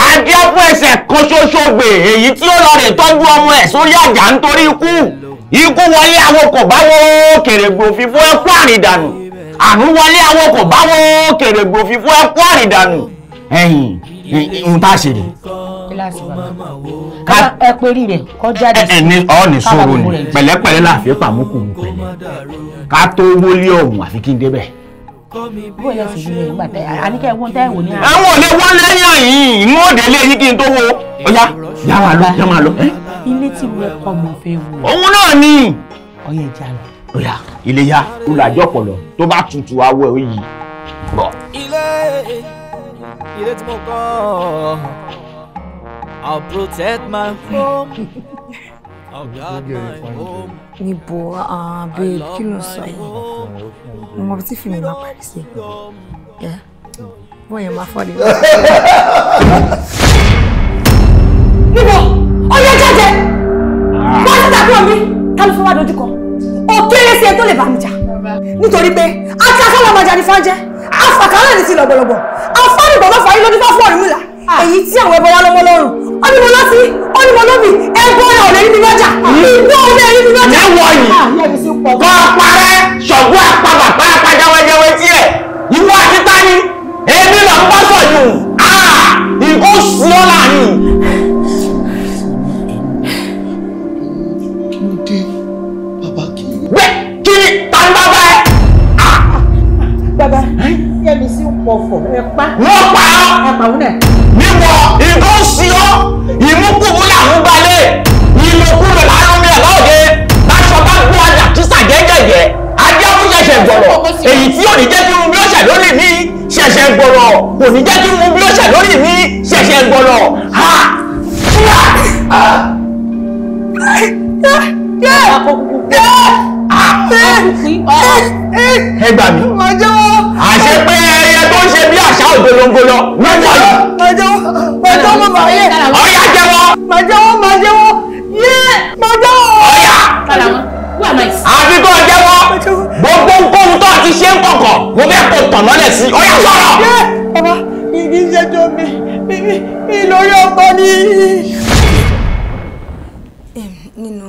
adíẹ́kù ẹsẹ̀ kan ṣoṣo gbè èyí tí ó lọ rè tọ́jú ọmọ ẹ̀ sórí àjà nítorí ikú ikú wọlé awokọ̀ báwo kèrègbò fífó ẹkú àrídànù àrùn wọlé awokọ̀ báwo kèrègbò fífó ẹkú àrídànù ẹ̀yìn ohun tá a ṣe rè. ẹ pé rí rẹ kọjá dé. ẹ ọ ní sọ̀rọ̀ ni pẹ̀lẹ́pẹ̀lẹ́ la fi pàmò kù ká tó wọlé ọ̀hún àfi kí n débẹ̀ bóyá lẹ́sìn yìí lè nígbà tẹ àníkẹ́ ẹ̀wọ̀n tẹ́ ní àná. àwọn ò lè wọ́n àyìn ìmú òde lé yín kí n tó wo ọ̀yá yà wà lọ yà máa lọ. ilé tí mo kọ́ mo fẹ́ wò. òun náà ni. ọyẹ ìjà lọ. ọyà ilé ya olùdájọ́ pọ̀lọ́ tó bá tutù awọ ẹ̀ yìí ilé ilé tí mo kọ́ I'll protect my home níbo babe kí ló ń sọ yìí mo mọ tí fíìmù máa parí sí wọ́n yẹn máa fọ́ ni. níbo ọyọ jáde wọ́n ti dàbí omi kálí fún wa dojú kan ó kéré sí ẹ tó lè bá mi jà nítorí pé àti afọwọ́ ọmọ ajá ni fáńjẹ́ afàkàlà ní ti lọ̀gbọ̀lọ̀gbọ̀ afọ́nìbọ̀ bá fà yín lójú bá fọ́ọ̀rì mìlá èyí tí àwọn ẹbọ wá lọ́mọ lọ́rùn ọdún mọ́lá sí ọdún mọ́lá mi ẹgbọ́n rẹ̀ ọ̀lẹ́ níbi lọ́jà ìgbọ́ ọ̀lẹ́ níbi lọ́jà. níwọ̀ ah, yìí kọ́ parẹ́ ṣọ̀gbọ́n àpapà pàápàá jáwéjáwé tiẹ̀ ìwọ àti tani èmi lọ ń bọ́ sọ̀yún ah, ìkó sùn ọ́ láàrin. kẹ́mi sí pọ̀fọ̀ ẹ pa. wọ́n pa ọ́. ẹ pa òun náà. níwọ̀ ìbò ń sí ọ́ ìmúkúbu làwọn balẹ̀ ìlòkulò làwọn mi ọ̀lọ́ọ̀dẹ láṣọ bá gbọ́ ọjà tí sàgẹ́gẹ̀gẹ̀ ajé ọ̀hún ṣẹ̀ṣẹ̀ gbọ̀rọ̀ èyí tí ò ní jẹ́ kí n bí ó ṣẹ̀ lórí mi ṣẹ̀ṣẹ̀ gbọ̀rọ̀ kò ní jẹ́ kí n bí ó ṣẹ̀ lórí mi ṣẹ̀ṣẹ̀ gbọ̀rọ̀ ha. Yeah! Yeah! Yeah! Yeah! ẹ gbà mí àṣẹ pé ẹyẹ tó ń ṣe bí àṣà ògbólóńgbóló lọ́jọ́ yìí. màjẹ́wọ́ màjẹ́wọ́ mo máa yẹ. ọ̀yà jẹ́wọ́. màjẹ́wọ́ màjẹ́wọ́ yé màjẹ́wọ́. ọ̀yà. kàlà wọn wà máa yìí. àfi kò jẹ́wọ́ gbogbo nǹkan tó ti ṣe ń kọ̀kọ̀ mo fẹ́ kó tàn lọ́lẹ̀ sí i ọ̀yà sọ̀rọ̀. yé bàbá ìdí ìṣẹ́jọ́ mi mi lórí ọkọ ni. nínú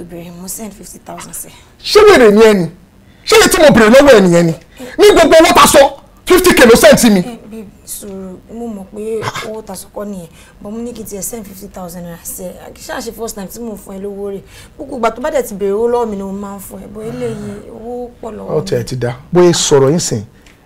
tó bèrè mo send fifty thousand sí. ṣé wèrè ni ẹni ṣé èyí tí mo bèrè lọ́wọ́ ẹnìyẹn ni ní gbogbo owó ta sọ fifty kilo send to me. Eh, sùúrù mo mọ̀ pé owó ta sọkọ nìyẹn but mo ni kí n tiẹ̀ send fifty thousand naira sí ẹ ṣáà ṣe first time tí mo fún ẹ lówó rẹ̀ gbogbo ìgbà tó bá dẹ̀ ti bèrè owó lọ́wọ́ mi ni mo máa ń fún ẹ bọ́ eléyìí owó pọ̀ lọ́wọ́ mi. ọ̀tẹ̀ ti da. bóyá sọ̀rọ̀ yín sìn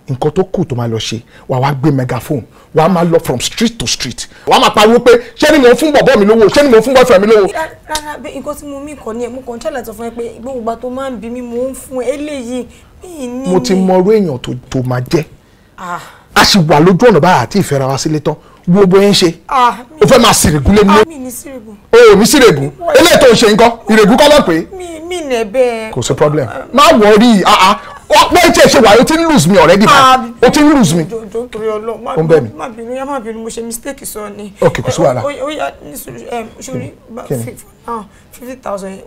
nǹkan tó kù tó máa lọ ṣe wà wá gbé megaphone wà á máa lọ from street to street wà á máa pariwo pé ṣé ni mò ń fún bọ̀bọ̀ mi lówó ṣé ni mò ń fún bọ́ọ̀fẹ́ mi lówó. rárá bí nǹkan tí mo mí kàn ní ẹ mo kàn ṣẹlẹ̀ tó fún ẹ pé gbogbo ìgbà tó máa ń bí mi mò ń fún ẹ eléyìí mi ní. mo ti mọ irú èèyàn tó máa jẹ́ ah. a sì wà lójú ọ̀nà báyà àti ìfẹ́ra wa sílé tán wo bóyá ń ṣe ah, o fẹ́ máa sìrègùn lé mi. Ah, o mi sìrègùn eléyìí tó ń ṣe nǹkan ìrègùn kọ́ lọ mi mi nẹ bẹ́ẹ̀. kò sí problem má wọrí ọpẹ tí ẹ ṣe wà o ti ń lose me already man ah, o ti ń lose me. jọjọ torí Ọlọ́run má bínú má bínú yá má bínú mo ṣe mistake sọ ni. ok kò sí wàhálà. ó yá ní sori ah, fifty thousand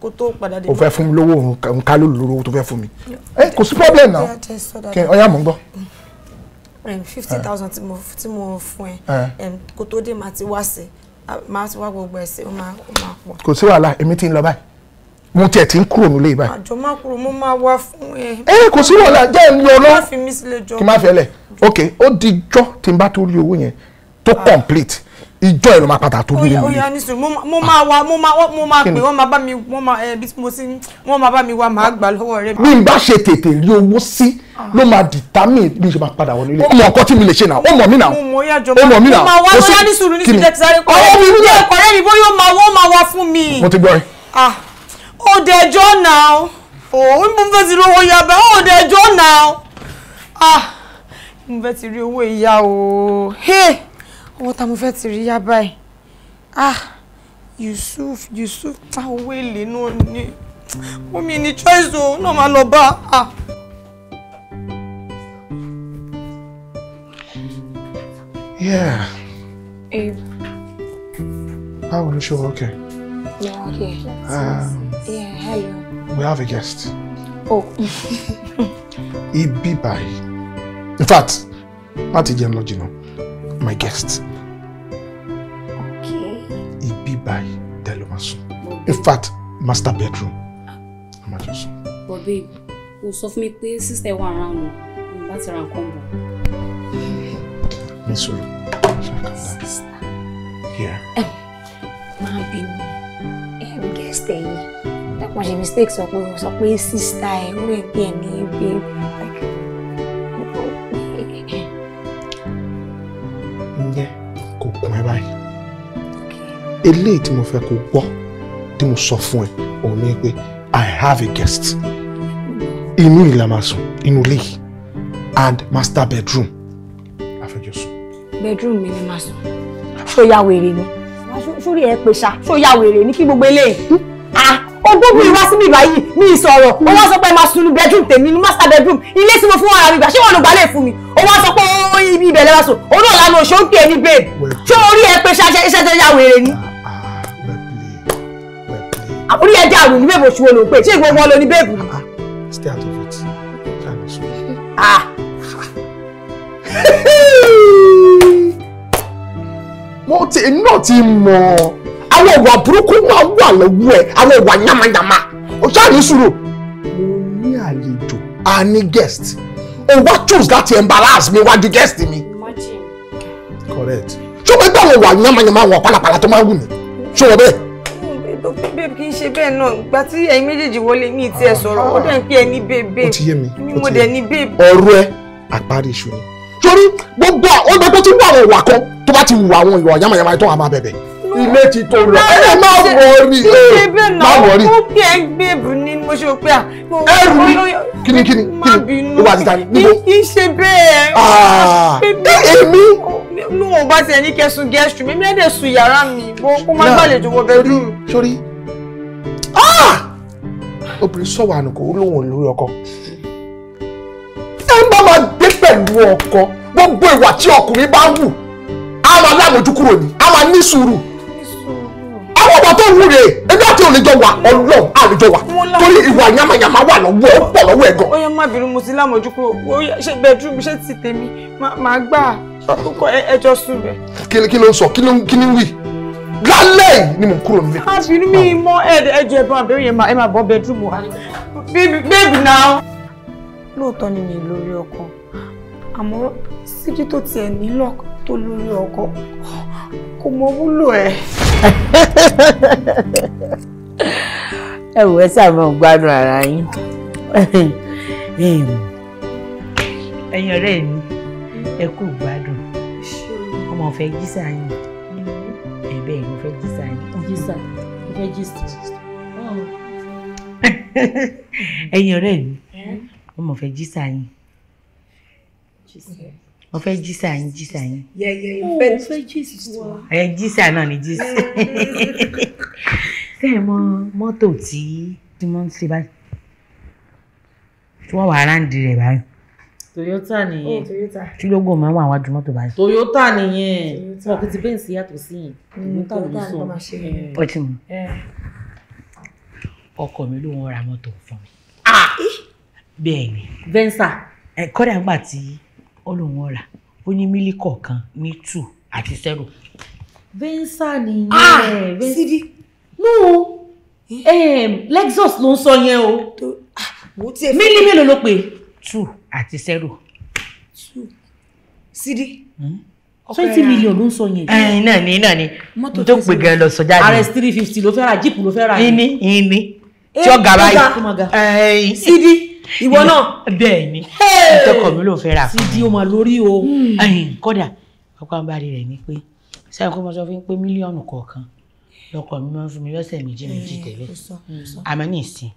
kó tó padà dé. o fẹ́ fún mi lówó nǹkan ló tó fẹ́ fún mi. ẹ eh, kò sí problem náà kí ọyá mò ń gbọ́ fifty thousand tí mo fún ẹ eh. kó tó dé máa ti wá sí máa ti wá gbogbo ẹ̀ sí ó máa pọ̀. kò sí wàhálà èmi ti ń lọ báyìí mo tiẹ̀ ti ń kúrò nílé ibà. àjọ má kúrò mo máa wá fún ẹ. ẹ kò sí wàhálà jẹ́ ń lọ lọ kí n má fẹ́ lẹ̀ ok ó di jọ́ tí n bá tó rí owó yẹn tó ah. complete ìjọ ẹ̀rọ máa padà tó lórí mi. mo máa wá mo máa mo máa pè wọ́n máa bá mi wọ́n máa ẹ bí mo sí wọ́n máa bá mi wá máa gbà lọ́wọ́ rẹ. bí n bá ṣe tètè rí owó sí ah. ló máa determine bí n ṣe máa padà wọlé ilé. ó mọ nǹkan tí mi lè ṣe náà ó mọ̀ mí náà ó mọ̀ mí náà ó sì kí ni ọ̀rẹ́ mi ní ọ̀rẹ́ mi bóyá ó máa wọ́ máa wá fún mi. mo ti gbọ́ ẹ. ah Oh, dẹjọ́ náà ó ń fẹ́ ti lówó Oh, ó John, now. ah mo fẹ́ ti rí owó ìyá o owó ta mo fẹ́ ti rí yaba ẹ̀ ah Yusuf Yusuf ta owó èlé náà ni omi ni choice o náà máa lọ ah. Yeah. Abe. Báwo ló ṣe wọ́n Okay. Yeah, okay. Um, are you? We have a guest. Oh. Ibi by. In fact, Mati Jen Logino, my guest. Okay. Ibi by Delomasu. In fact, master bedroom. Amajosu. But babe, o sọ fún mi sister one around me. That's around combo. Miss Ru. Sister. Yeah. Um, Mabin. Um, guest ẹ̀yin. wọ́n ṣe mistake sọ pé wọ́n sọ pé sísá ẹ̀ ó lè bí ẹ̀ ní ibi. ǹjẹ́ kò kún ẹ báyìí eléyìí tí mo fẹ́ kó gbọ́ tí mo sọ fún ẹ òun ni pé I have a guest inú ìlà máa sùn inú ilé yìí and master bedroom àfẹjọsùn. bedroom mi ni màá sùn ṣó ya wèrè ni ṣó rí ẹ pèsè ṣó ya wèrè ni kí gbogbo eléyìí mi wá sí mi báyìí mi ìsọ̀rọ̀ ó wá sọ pé máa sunu bedroom tèmi ní master bedroom ilé tí mo fún ara mi gbà ṣé wọn ló gbà lè fún mi ó wá sọ pé ó ibi ibẹ̀ lẹ́wà sùn ó náà lánàá oṣù ó ń pè é ní babe ṣé orí ẹ pé ṣáṣẹ́ iṣẹ́ tó yà wèrè ni. àbúrí ẹ dá àrùn ní bèbè oṣù wo ló ń pè ṣé ìwọ wọn lo ní bèbè. Ah, ah, stay out of it ah. mo ti náà ti mọ̀ ọ́ àwọn ìwà burúkú náà wà lọ́wọ́ ẹ̀ àwọn ìwà yamayama o ṣáà ní sùúrù. mo ní àlejò a ní guest o wá choose láti embarrass mi wájú guest mi. correct. ṣé o bẹ gbọ́ àwọn ìwà yamayama àwọn pálapàla tó máa ń wù mí ṣé o bẹ́ẹ̀ babe kì í ṣe bẹ́ẹ̀ náà ìgbà tí ẹ̀yin méjèèjì wọlé mi ti ẹ̀ sọ̀rọ̀ ó dẹ̀ ń pè ẹ́ ní babe babe ó ti yé mi ó ti yé mi ọ̀rọ̀ ẹ àparí iṣu ni torí gbogbo ó gbẹgbẹ́ tí wọ́n àwọn ìwà kan tó bá ti wù àwọn ìwà yamayama tó wà máa bẹ̀bẹ̀ ilé ti tó lọ ẹ má wọrí ẹ má wọrí. ó gbé ẹgbẹ́ èbù ni mo ṣe pé à. ẹrù mi kíni kíni kíni ìwà àti tani níbo. kì í ṣe bẹ́ẹ̀. èmi. ní wọn bá tiẹ̀ ní kẹsùn gẹ̀ẹ́sù mi mi lẹ́dẹ̀ sùn yàrá mi kó má gbàlejò wọ bẹ́ẹ̀ dùn. sórí obìnrin sọ̀wọ́ ànùkò ó lóun ò lórí ọkọ ẹ má máa gbé pẹ̀lú ọkọ gbogbo ìwà tí ọkùnrin bá wù á máa lámójú kúrò ní á máa ní sùúrù àwọn ọmọ tó wúre ẹgbẹ́ àti òní jọ wà ọlọ́run àlejò wà torí ìwà yamayama wà lọ́wọ́ ó pọ̀ lọ́wọ́ ẹ̀ gan. ó yẹ má bínú mo ti lámọ̀jú kúrò ó ṣe bẹ́ẹ̀dúrúmù ṣé ti tèmi máa gbà kókó ẹjọ́ sùn rẹ̀. kí ló ń sọ kí ló ń wí lálẹ́ ni mo kúrò nílé. a bínú mi mọ ẹjọ ẹ̀bùn àbẹ̀rẹ̀ yẹn ẹ máa bọ́ bẹ́ẹ̀dúrúmù wa bébì náà. lóòótọ́ ni mi lórí ọkọ àmọ́ síbi tó tiẹ̀ nílò tó lórí ọkọ kò mọ wúlò ẹ. ẹ wò ẹ sáà máa ń gbádùn ara yín ẹ̀yin ọ̀rẹ́ mi ẹ kú gbádùn ọmọ fẹ́ jísà yín ẹ bẹ́ẹ̀ mo fẹ́ jísà yín. jísà mo fẹ́ jísà. ẹ̀yin ọ̀rẹ́ mi ọmọ mo fẹ́ jísà yín jísà yín. yẹyẹ ìfẹ́ oh, mo fẹ́ jísà wa. ẹ náà ni jísà. ṣé ẹ mọ mọ́tò tí tí wọ́n ń ṣe báyìí tí wọ́n wà ráǹdì rẹ̀ báyìí. Toyota nìyẹn. tí lógo máa ń wà mọ́tò báyìí. Toyota nìyẹn wọn kò ti bẹ́ẹ̀ sí yàtọ̀ sí yìí. Mm, Toyota ló sọ ọ eh. ti eh. ọkọ mi ló ń ra mọ́tò fún mi. Ah! bẹ́ẹ̀ ni. Venza. Eh, kọ́dà ń gbà tí ó lóun ọ̀rà ó ní mílíkọ̀ kan ní tù àti sẹ́rù. venza nìyẹn. ah sídi. no um, lexus ló ń sọ yẹn o. Ah, mílí mélòó ló pè. tù àti sẹ́rù. sídi. Hmm? twenty million ló ń sọ yẹn. ẹyin eh, náà ni náà ni mọ́tò tó pè gan lọ sọjá ni. rs three fifty ló fẹ́ ra jíìpù ló fẹ́ ra. ìní ìní eh, tí ọ̀gá báyìí. sídi ìwọ náà. bẹ́ẹ̀ ni ìtọ́kọ̀ mi ló fẹ́ rà fún mi. sídìí o mà lórí o. Hmm. kódà ọkọ̀ àbárí rẹ̀ ni pé sáà kó mo sọ fún pé mílíọ̀nù kọ̀ọ̀kan lọkọ̀ mi máa ń fún mi lọ́sẹ̀ méjì méjì tẹ́lẹ̀ àmọ́ ní ìsìn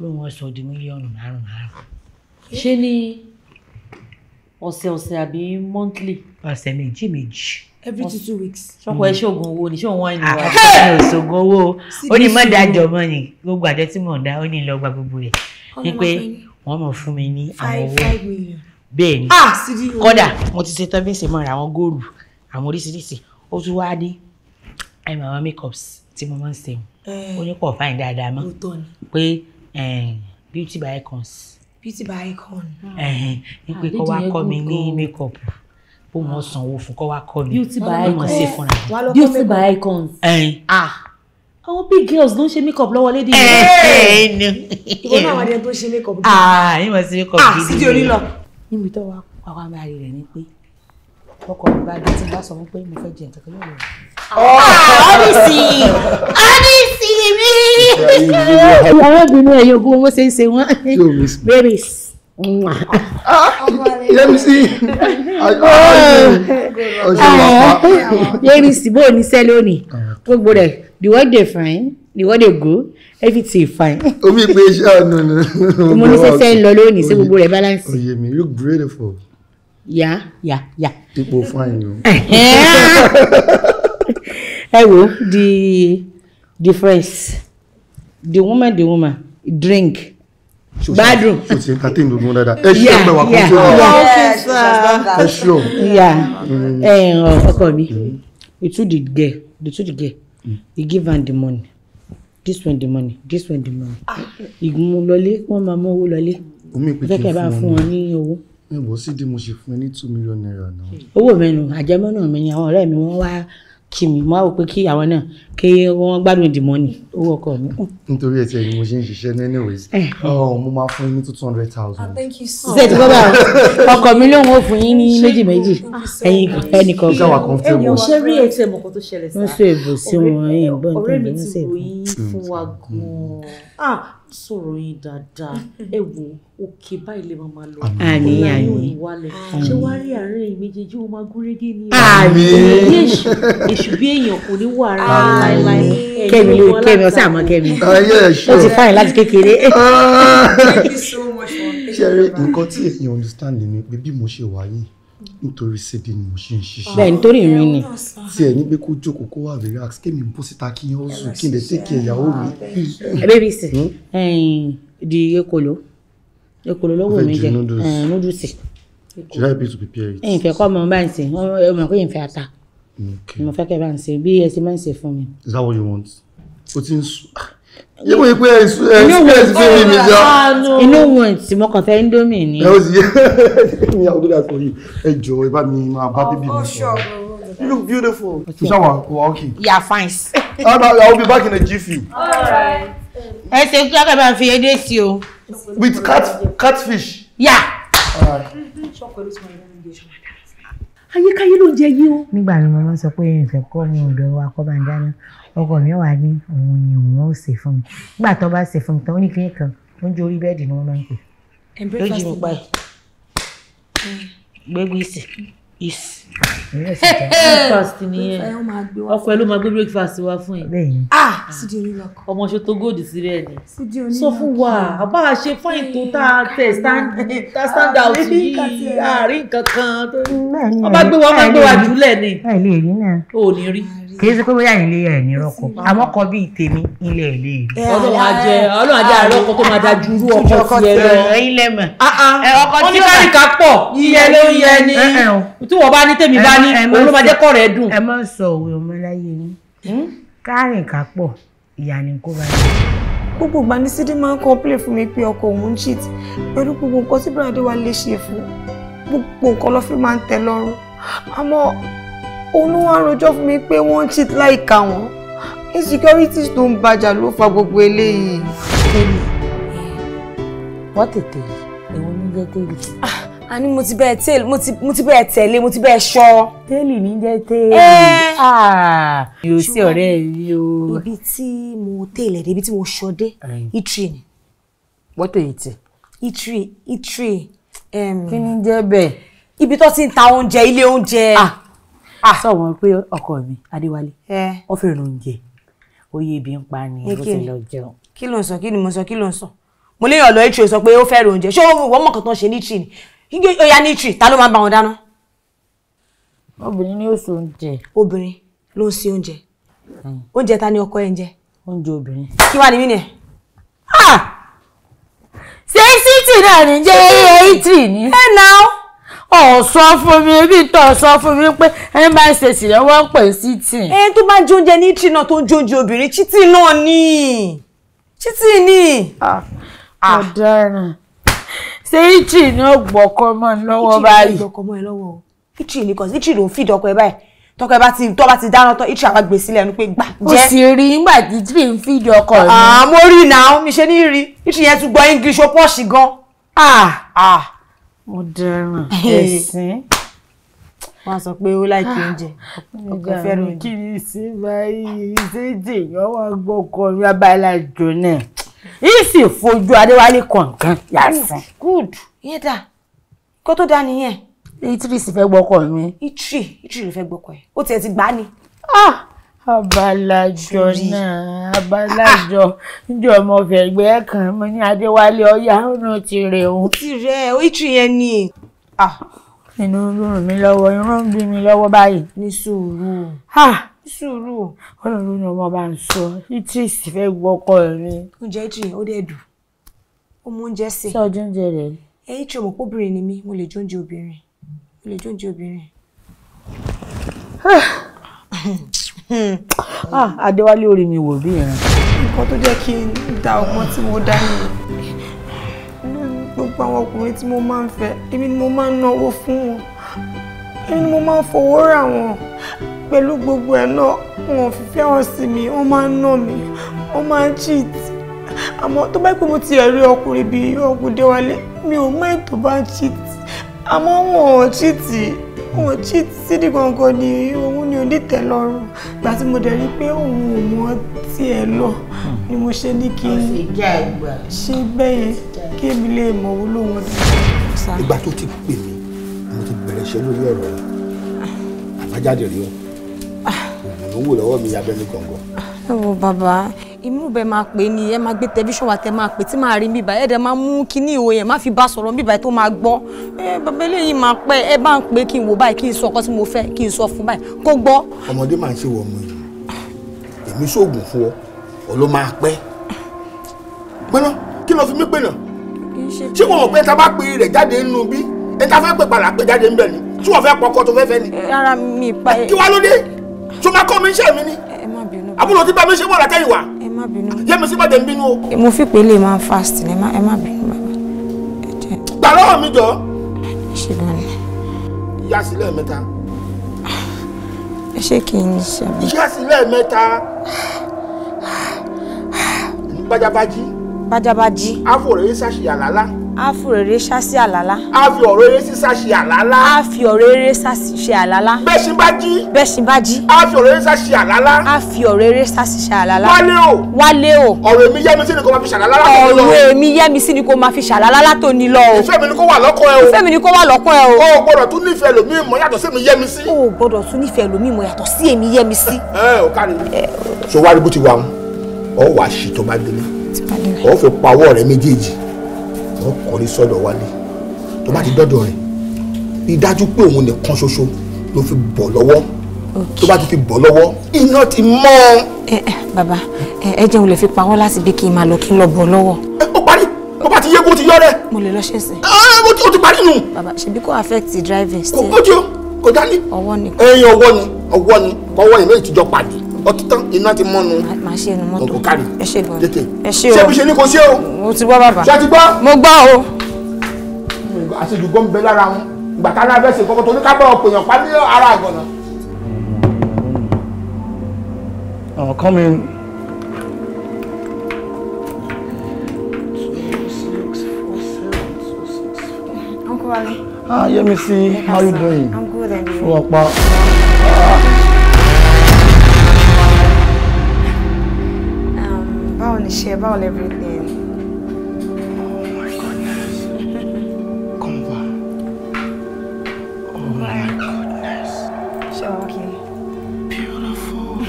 ló wọ́n sọ di mílíọ̀nù márùn márùn. ṣé ní ọ̀sẹ̀ ọ̀sẹ̀ àbí monthly. ọ̀sẹ̀ méjì méjì. every two two weeks. sọ́kọ̀ ẹ ṣoògùn owó ni ṣóun wáyé nìyẹn. Ah, àkọ́kọ́ mi ò ṣoògùn owó ó ní mọ́dájọ́ mọ́ ni gbogbo àjọ tí mò ń dá ó ní lọ́ọ́ gba gbogbo rẹ̀ ni pé wọ́n mọ̀ fún mi ní àwọn owó bẹ́ẹ̀ ni ah, kódà mo ti ṣe tán bí ṣe mọ̀ ra àwọn góòlù àwọn oríṣiríṣi ó tún wá dé àìmọ̀ àwọn makeups tí mo máa ń ṣe eh, ó ní pọ̀ fáìn dáadáa mọ́ pé eh, beauty by icons. beauty by icon. Eh, ní pé ah, kó wá kọ́ mi ní makeup bó wọ́n sanwó fún kó wá kọ́ mi beauty by icons. beauty by icons. Ah àwọn big girls ló ń ṣe makeup lọ́wọ́ lédi yìí. ẹ ẹ nu. ìwọ náà wà ní ẹni tó ń ṣe makeup. ah yín wọ́n ṣe makeup gidi. ah sídìí orí lọ. níbi tó wà àwọn àmì àrí rẹ̀ ni pé ọkọ mi bá dé tí n bá sọ pé mo fẹ́ jẹ nǹkan kan yóò lọ. ọ́dísì ọ́dísì mi. ọ̀rẹ́bìnrin ẹ̀yọ́gún owó ṣe ń ṣe wọ́n. bẹ́ẹ̀ yẹmísí yẹmísí bó o ní sẹ́lẹ̀ òní gbogbo rẹ̀ the world dey fine the world dey go everything fine. omi pe iṣẹ́ ọ̀nà oh, ni. mo ní sẹ́sẹ́ ń lọ lónìí sí gbogbo rẹ̀ balance. oye mi you beautiful. ya ya ya. ipò fine o. ẹ wo the difference the woman the woman drink gbádùn. ṣe ṣe kàtí ìlú mú dáadáa ẹ ṣe ọgbẹ wà kó tó lọ ẹ ṣe ọ. ìyá ọkọ mi we too dey get we too dey get we give am the money this one the money this one the money ah. ìgbìmọ̀ lọlé wọ́n máa mọ́wó lọlé fẹ́ kẹ́ bá fún wọn ní owó. ẹ wò ó sì di mo ṣe fún ẹ ní two million naira náà. owó mi nù àjẹmọ́nà mi ni àwọn ọ̀rẹ́ mi wọ́n wá kí mi wọ́n á wò pé kí àwọn náà kí wọ́n gbádùn the money owó ọkọ mi. nítorí ẹ ti ẹni mo ṣe ń ṣiṣẹ́ ní anyways eh. oh, mo máa fún yín ní two hundred thousand. Ah, ṣe ti bọ́bá ọkọ mi lóun ó fún yín ní méjì méjì ẹ̀yin ẹnì kọ̀ọ̀kan. ìjọba kan fẹ́ mọ. ẹ̀yin ò ṣe rí ètò ẹ̀mọ̀ kan tó ṣẹlẹ̀ sáà. wọ́n ṣe èbò sí wọn ẹ̀yìn gbọ́n tó ń ṣe èbò. ọ̀rẹ́ mi ti wòye fún wa gan-an ah, sọ̀rọ̀ yín dáadáa ẹ wo òkè báyìí lè máa lọ. àní àní ṣé wàá rí àárín méjèèjì wọn máa gúnrégé ní. àmín èṣù bí èèyàn kò ní wà rárá kẹ́mi ló kẹ́mi ọ̀sẹ̀ àmọ́ kẹ́mi ah, ó ti fáyìn láti kékeré. ṣe rí nǹkan tí èèyàn understand ni pé bí mo ṣe wà yìí nítorí ṣéde ni mo ṣe ń ṣiṣẹ́. bẹ́ẹ̀ nítorí ìrìn ni. tí ẹ ní pé kó jókòó kó wà relax kémi bó síta kí n ó sùn kí n lè tẹ̀kẹ̀ ìyàwó mi. Ah, ẹ bẹ́ẹ̀ bí sè di ekolo ekolo lọ́wọ́ mi jẹ eh, noodles. should I be to prepare it. ìfẹ́ kọ́ ọmọ bá ń sìn ọmọ ìfẹ́ ata mo fẹ́ kẹ́ bá ń ṣe bí ẹ ti máa ń ṣe fún mi. is that what you want? o ti ń sùn yé wo ipe ẹsùn ẹsùn fún mi jọ. inú wọn tí mo kàn fẹ́ indomie ni. ẹ o sì yé mi àwọn olórí àti òyìn ẹ jọ ẹ bá mi máa bá bíbí mi oh, sọ. you look beautiful. you sure wa wa okay. you are fine. I will be back in a jiffy. ẹ ṣe kí ọkọ bá fi edé sí o. with cat catfish. yà. Yeah. All right ayékáyé ló ń jẹ yín o. nígbà ni màmá sọ pé ìfẹ́ kọ́ mi ọ̀dọ̀ wa kọ́ bá ń dáná ọkọ mi wà ní òun ni òun ó sè fún mi nígbà tó bá sè fún mi tán ó ní kíní kan oúnjẹ orí bẹ́ẹ̀dì ni wọ́n máa ń pè. lójú mi pa gbégbèsè is. breakfast nìyẹn ọkọ ẹ ló máa gbé breakfast wá fún yìí. ah sídi onílọkọ. ọmọṣẹ tó góòdì sílẹ̀ ni. sídi onílọkọ sọ fún wa àbá ṣe fáìn tó tá a tẹ tá stand out yìí àárín nǹkan kan tó. ọba gbé wa máa gbé wa jùlẹ̀ ni. ẹ lè rí náà. o ò ní rí kì í ṣe pé bóyá ilé ẹ̀ ní rọ́kọ àmọ́ kọ bíi tèmi ilé ẹ̀ lè rí. ọlọ́run ajẹ́ ọlọ́run ajẹ́ àárọ̀ ọkọ tó máa dájú irú ọkọ tiẹ̀ lọ ilé mọ̀ ah, ah. ọkọ tí ó ní ká pọ̀ iye ló ń yẹ ni tí wọ́n bá ní tèmi bá ní òun ló máa jẹ́ kọ́ rẹ̀ dùn. ẹ má sọ òwe ọmọ láyé yín hmm? kárìn ká pọ̀ ìyá ni kó bá yẹ. gbogbo ìgbà ní sídìí máa ń kọ́ńplé fún mi pé ọkọ òun ń cheat pẹ̀lú gbogbo nǹkan tí bíradé òun wá rojọ́ fún mi pé wọ́n cheat láìka wọn insecurities tó ń bàjà ló fa gbogbo eléyìí. tèmi wọ́n tètè yìí èwo ní jẹ́ tèmi. Ah, a ní mo ti bẹ́ẹ̀ tẹ́lẹ̀ mo ti bẹ́ẹ̀ tẹ̀lé mo ti bẹ́ẹ̀ ṣọ́. tẹ́lì ní jẹ́ tẹ́lì. Eh. Ah, yóò sí ọ̀rẹ́ mi o. ibi tí mo tẹ́lẹ̀ dé ibi tí mo ṣọ́ dé itri ni. wọ́n tèyí tì. itri itri. kí ni jẹ́ bẹ́ẹ̀. ibi tó ti ń ta oúnjẹ ilé oúnjẹ. ah sọ ah! wọn pé ọkọ mi adéwálé ó fẹ́ràn oúnjẹ oyè ibi ń pa ni ó ti lọ jẹun. kí ló ń sọ kí ni mo sọ kí ló ń sọ mo lè yàn lọ sọ pé ó fẹ́ràn oúnjẹ ṣé wọ́n mọ̀ kàn tán ṣe ní itri ni oya ní itri ta ló máa bá wọn dáná. obìnrin ni ó sè oúnjẹ. obìnrin ló ń sè oúnjẹ hmm. oúnjẹ ta ni ọkọ ẹ ń jẹ. oúnjẹ obìnrin. kí wàá ní mí nìyẹn ṣé sítì náà ní jẹ́ itri ni. ẹ ah! náà. ọ̀ sọ fún mi ebi tọ̀ sọ fún mi pé ẹni bá ń ṣe sílẹ̀ wọ́n ń pè sí tì. ẹ tó bá jẹ oúnjẹ ní tì náà tó ń jẹ oúnjẹ obìnrin chiti náà ni chiti ni. ọ̀daràn ṣé ichi ni ó gbọ́kọ́ mọ́ ẹ lọ́wọ́ báyìí. ichi ni ó gbọ́kọ́ mọ́ ẹ lọ́wọ́ ichi ni kò sí ichi ló ń fi ìdọ́kọ̀ ẹ báyìí tọkọ ẹ bá ti tọ́ bá ti dáná tán ichi àwa gbé sílẹ̀ ẹnu pé gbà jẹ́. o sì rí nígbà tí tí n fi ìdí ọkọ mi. àmọ́ rí náà mi ṣe ní rí ichi yẹn tún gbọ́ english ó pọ̀ sí gan. ah ah ọ̀daràn ẹ̀sìn. wọ́n sọ pé ó láìpẹ́ oúnjẹ ọkọ̀ fẹ́ràn oúnjẹ. kí ni ṣe báyìí ṣe jèèyàn wá gbọ́kọ̀ ní abala jò náà yìí sì fojú adéwálé kọ̀ọ̀kan yàtọ̀. good yẹn dà kó tó dá nìyẹn. itri sì fẹ́ gbọ́kọ̀ mi. itri itri ló fẹ́ gbọ́kọ̀ ẹ̀ ó tiẹ̀ ti gbá ni. ah abalajọ náà abalajọ níjọ ọmọ fẹgbẹ kan mo ní adéwálé ọyá ọ̀nà tirẹ̀ o. tirẹ̀ o yẹn ni. inú mi lọ́wọ́ irun bí mi lọ́wọ́ báyìí. ní sùúrù. ní sùúrù. ọlọ́run ni ọmọ bá ń sọ mi. oúnjẹ ó dùn ó mú oúnjẹ sọ rẹ. ọmọ pọ́bìnrin ni mí mo lè jóúnjẹ obìnrin mo lè jóúnjẹ obìnrin. Hmm. Ah, Adéwálé orí mi wò bí ìran. Nǹkan tó jẹ́ kí n da ọgbọ́n tí mo dá ní gbogbo àwọn ọkùnrin tí mo máa ń fẹ́, èmi ni mo máa ń náwó fún wọn, èmi ni mo máa ń fowó rà wọn. Pẹ̀lú gbogbo ẹ̀ náà, wọn ò fi fẹ́ràn sí mi, wọ́n máa ń ná mi, wọ́n máa ń cheat. Àmọ́ tó bá pẹ́ mo ti ẹ̀rí ọkùnrin bíi ọkùnrin Déwálé, mi ò mọ ètò bá cheat. Àmọ́ wọn cheat wọn jí sídì gangan ni òun ni onítẹ̀lọ́rùn ìgbà tí mo dẹ̀ rí pé òun ò mọ tiẹ̀ lọ ni mo ṣe ní kí n ṣe bẹ́ẹ̀ kí èmi lè mọ̀ wọ́n lóun ọdún. ìgbà tó ti pè mí mo ti bẹ̀rẹ̀ ṣe lórí ọ̀rọ̀ yìí àbájáde rí wọn òun ló wò lọ́wọ́ mi abẹ́mi gangan. ẹ wo bàbá imú bẹ máa pè ní ẹ máa gbé tẹlifíṣàn wa tẹ máa pè tí máa rí bíbá ẹ dẹ máa mú kíní ìwò yẹn má fi bá sọ̀rọ̀ bíbá tó máa gbọ́ ẹ bàbá eléyìí máa pẹ́ ẹ bá ń pè kí n wò báyìí kí n sọ ọkọ tí mo fẹ́ kí n sọ fún báyìí kó gbọ́. ọmọdé máa ń ṣe wọ ọmọ yìí èmi ṣoògùn fún ọ ọ ló máa pẹ́ gbọ́nà kí ló fi mí pè náà ṣé wọn ò pé ta bá pè rẹ̀ jáde nínú bí ẹ ta fẹ́ pè padà pè jáde ńbẹ̀ ni tí wọ́n fẹ́ pọkọ tó fẹ́ fẹ́ ni. ara mi pa ẹ. kí ń ṣe mi ni àbúrò tí bá mi ṣe bọ̀ lákẹ́yìn wá má bínú. yé mi sí pàdé ń bínú o. mo fi pé máa fast ni ẹ má bínú bàbá. gbà lọ́wọ́ mi jọ. ṣe gan ni. yá sí lẹ́ẹ̀mẹ́ta. ẹ ṣé kí n ṣe àbí. yá sí bájábájí. bájábájí. àfòrè yín ṣàṣìyàn lálá a fi òréré sá sí àlálá. a fi ọ̀rọ̀ eré sísá ṣe àlálá. a fi ọ̀rọ̀ eré sá ṣe àlálá. bẹ́ṣin bá jí. bẹ́ṣin bá jí. a fi ọ̀rọ̀ eré sá ṣe àlálá. a fi ọ̀rọ̀ sá ṣe àlálá. wálé o. wálé o. ọ̀rọ̀ èmi yẹ́mi sí ni kò máa fi ṣàlálá látò ní lọ. ọ̀rọ̀ èmi yẹ́mi sí ni kò máa fi ṣàlálá látò ní lọ ìfẹ́ mi ni kó wà lọ́kọ ẹ o. ìfẹ́ mi ni kó wà lọ́kọ ẹ o. o gbọ́dọ̀ tún nífẹ̀ẹ́ lómi mọ́ yàtọ̀ sí èmi yẹ́mi sí. o gbọ́dọ̀ tún nífẹ̀ẹ́ lómi mọ́ yàtọ̀ sí èmi yẹ́mi sí. ẹ ò kárí. ṣòwárí bó ti wà ń ọ wàá ṣì tó bá wọ́n kọ́lé sọ́dọ̀ wálé tó bá ti dọ́dọ̀ rẹ̀ rí dájú pé òun nìkan ṣoṣo ló fi bọ̀ lọ́wọ́ tó bá ti fi bọ̀ lọ́wọ́ iná ti mọ́ ọ. ẹ ẹ bàbá ẹ jẹun lè fi pa wọn láti bí kí n máa lọ kí n lọ bọ̀ lọ́wọ́. ẹ ó parí bó bá ti yé kó ti yọ rẹ. mo lè lọ ṣẹ̀ṣẹ̀. ó ti parí nù. bàbá ṣebí kò affect driving still. kò kójú kò dání. ọwọ́ ni. ẹyin ọwọ́ ni ọwọ́ ni ọwọ́ yẹn méjì pàdé ọtí iná ti mọ́nu. ọkọ̀ kárì ẹ ṣe ṣe bí ṣe ní kò ṣe o. mo ti gbọ́ bàbá ṣé ti gbọ́. mo gbọ́ o. àṣejù gbọ́ ń bẹ lára wọn ìgbà táwọn abẹ́sẹ̀ kọ́kọ́ tó ní ká ọ̀pọ̀ èèyàn pa ara àgọ̀nà. Oh, come in. Uncle Ali. Ah, Yemisi, yes, how you doing? I'm good, and you? Fún ọ̀pá. ṣe báwo everything. oh my goodness come back oh my goodness. ṣé o kì í. beautiful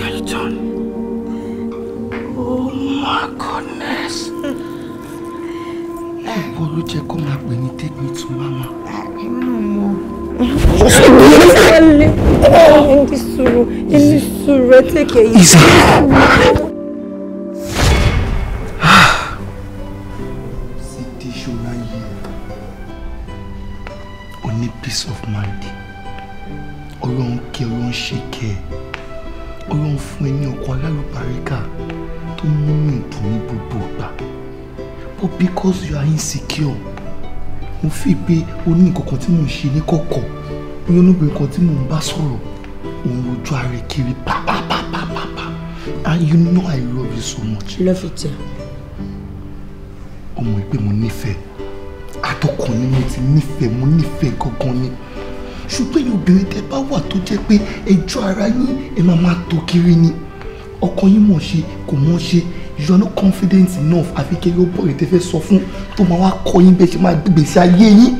Kelton oh my goodness. ṣùgbọ́n ló jẹ́ kó máa pè ní take me to mama. Ìsà. mo fi pé o ní nǹkan kan tí mò ń ṣe ní kọ̀kọ̀ bí olóbìnrin kan tí mò ń bá sọ̀rọ̀ òun rojú ara ẹ̀ kiri pàpàpàpàpà and you know I love you so much. love you too. ọmọ ìpè mo nífẹ̀ẹ́ àtọkàn ni mo ti nífẹ̀ẹ́ mo nífẹ̀ẹ́ gangan ni ṣùgbọ́n ẹ̀yin obìnrin tẹ́ bá wà tó jẹ́ pé ẹjọ́ ara yín ẹ máa máa tó kiri ni ọkọ yín mọ̀ ṣe kò mọ̀ ṣe you are not confident enough àfi kẹ́yọ́ bọ̀rẹ̀ tẹ́ fẹ́ sọ fún tó máa wá kọ́ yín bẹ́ẹ̀ ṣe máa gbèsè ayé yín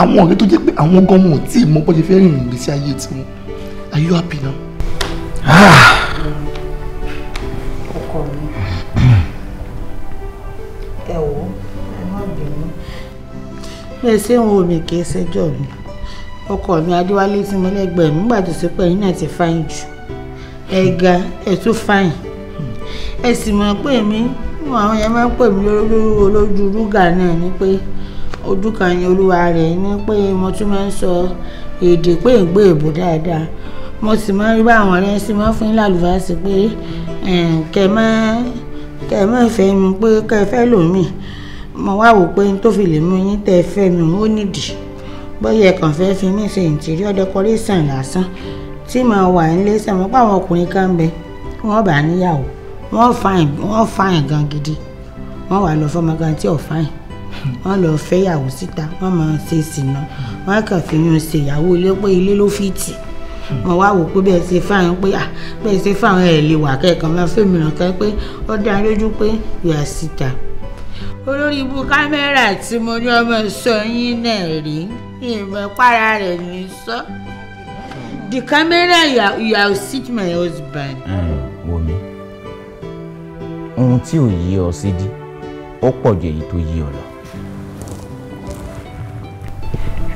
àwọn ọ̀rẹ́ tó jẹ́ pé àwọn gan wọn ò tí ì mọ bọ́jẹ́ fẹ́ rìn gbèsè ayé tiwọn are you happy now. Ah! ọkọ mi ẹ wo ẹ má bínú ẹ ṣé ń wo mi kì í ṣẹjọ́ mi ọkọ mi adéwálé tí mo lẹ́gbẹ̀ẹ́ nígbà tó ṣe pé ẹ̀yin náà ti fáyín jù ẹ ga ẹ tún fáyín ẹ sì mọ̀ pé mi àwọn yẹn máa ń pè mí olójú rúgà náà ni pé ojú kan ni olúwa rẹ̀ ni pé mo tún máa ń sọ èdè pé ń gbé èbò dáadáa mo sì máa ń rí báwọn ọ̀rẹ́ sí máa ń fún lálùbáṣe pé kẹ má kẹ má fẹ́ mi pé kẹ fẹ́ lòmíì mo wá wò pé n tó fi lè mú yín tẹ́ fẹ́ mi ó nídìí bóyá ẹ̀kàn fẹ́ fi mí ṣe interior decoration lásán tí màá wà ń lé sẹ́wọ̀n pàwọn ọkùnrin kan bẹ wọ́n bá níyàwó wọ́n fàìn wọ́n fàìn gan gidi wọ́n wà lọ fọmọ gan tí ò fàìn wọ́n lọ fẹ́yàwó síta wọ́n máa ṣe sìnà wọ́n kàn fi yún ṣe ìyàwó ilé pé ilé ló fi tì mo wá wò pé bẹ́ẹ̀ ṣe fáwọn pé à ah, bẹ́ẹ̀ ṣe fáwọn ẹ̀ lè wà kẹ́ẹ̀kan máa fẹ́mi ràn kẹ́ pé ó dá lójú pé yà síta olórí ibu kámẹ́rà tí mo ní ọmọ sọ yín náà rí ìmọ̀ para rẹ̀ ní sọ the camera you are you are sit my husband. wo mi ohun tí ò yí ọ sí dí ó pọ̀ ju èyí tó yí ọ lọ.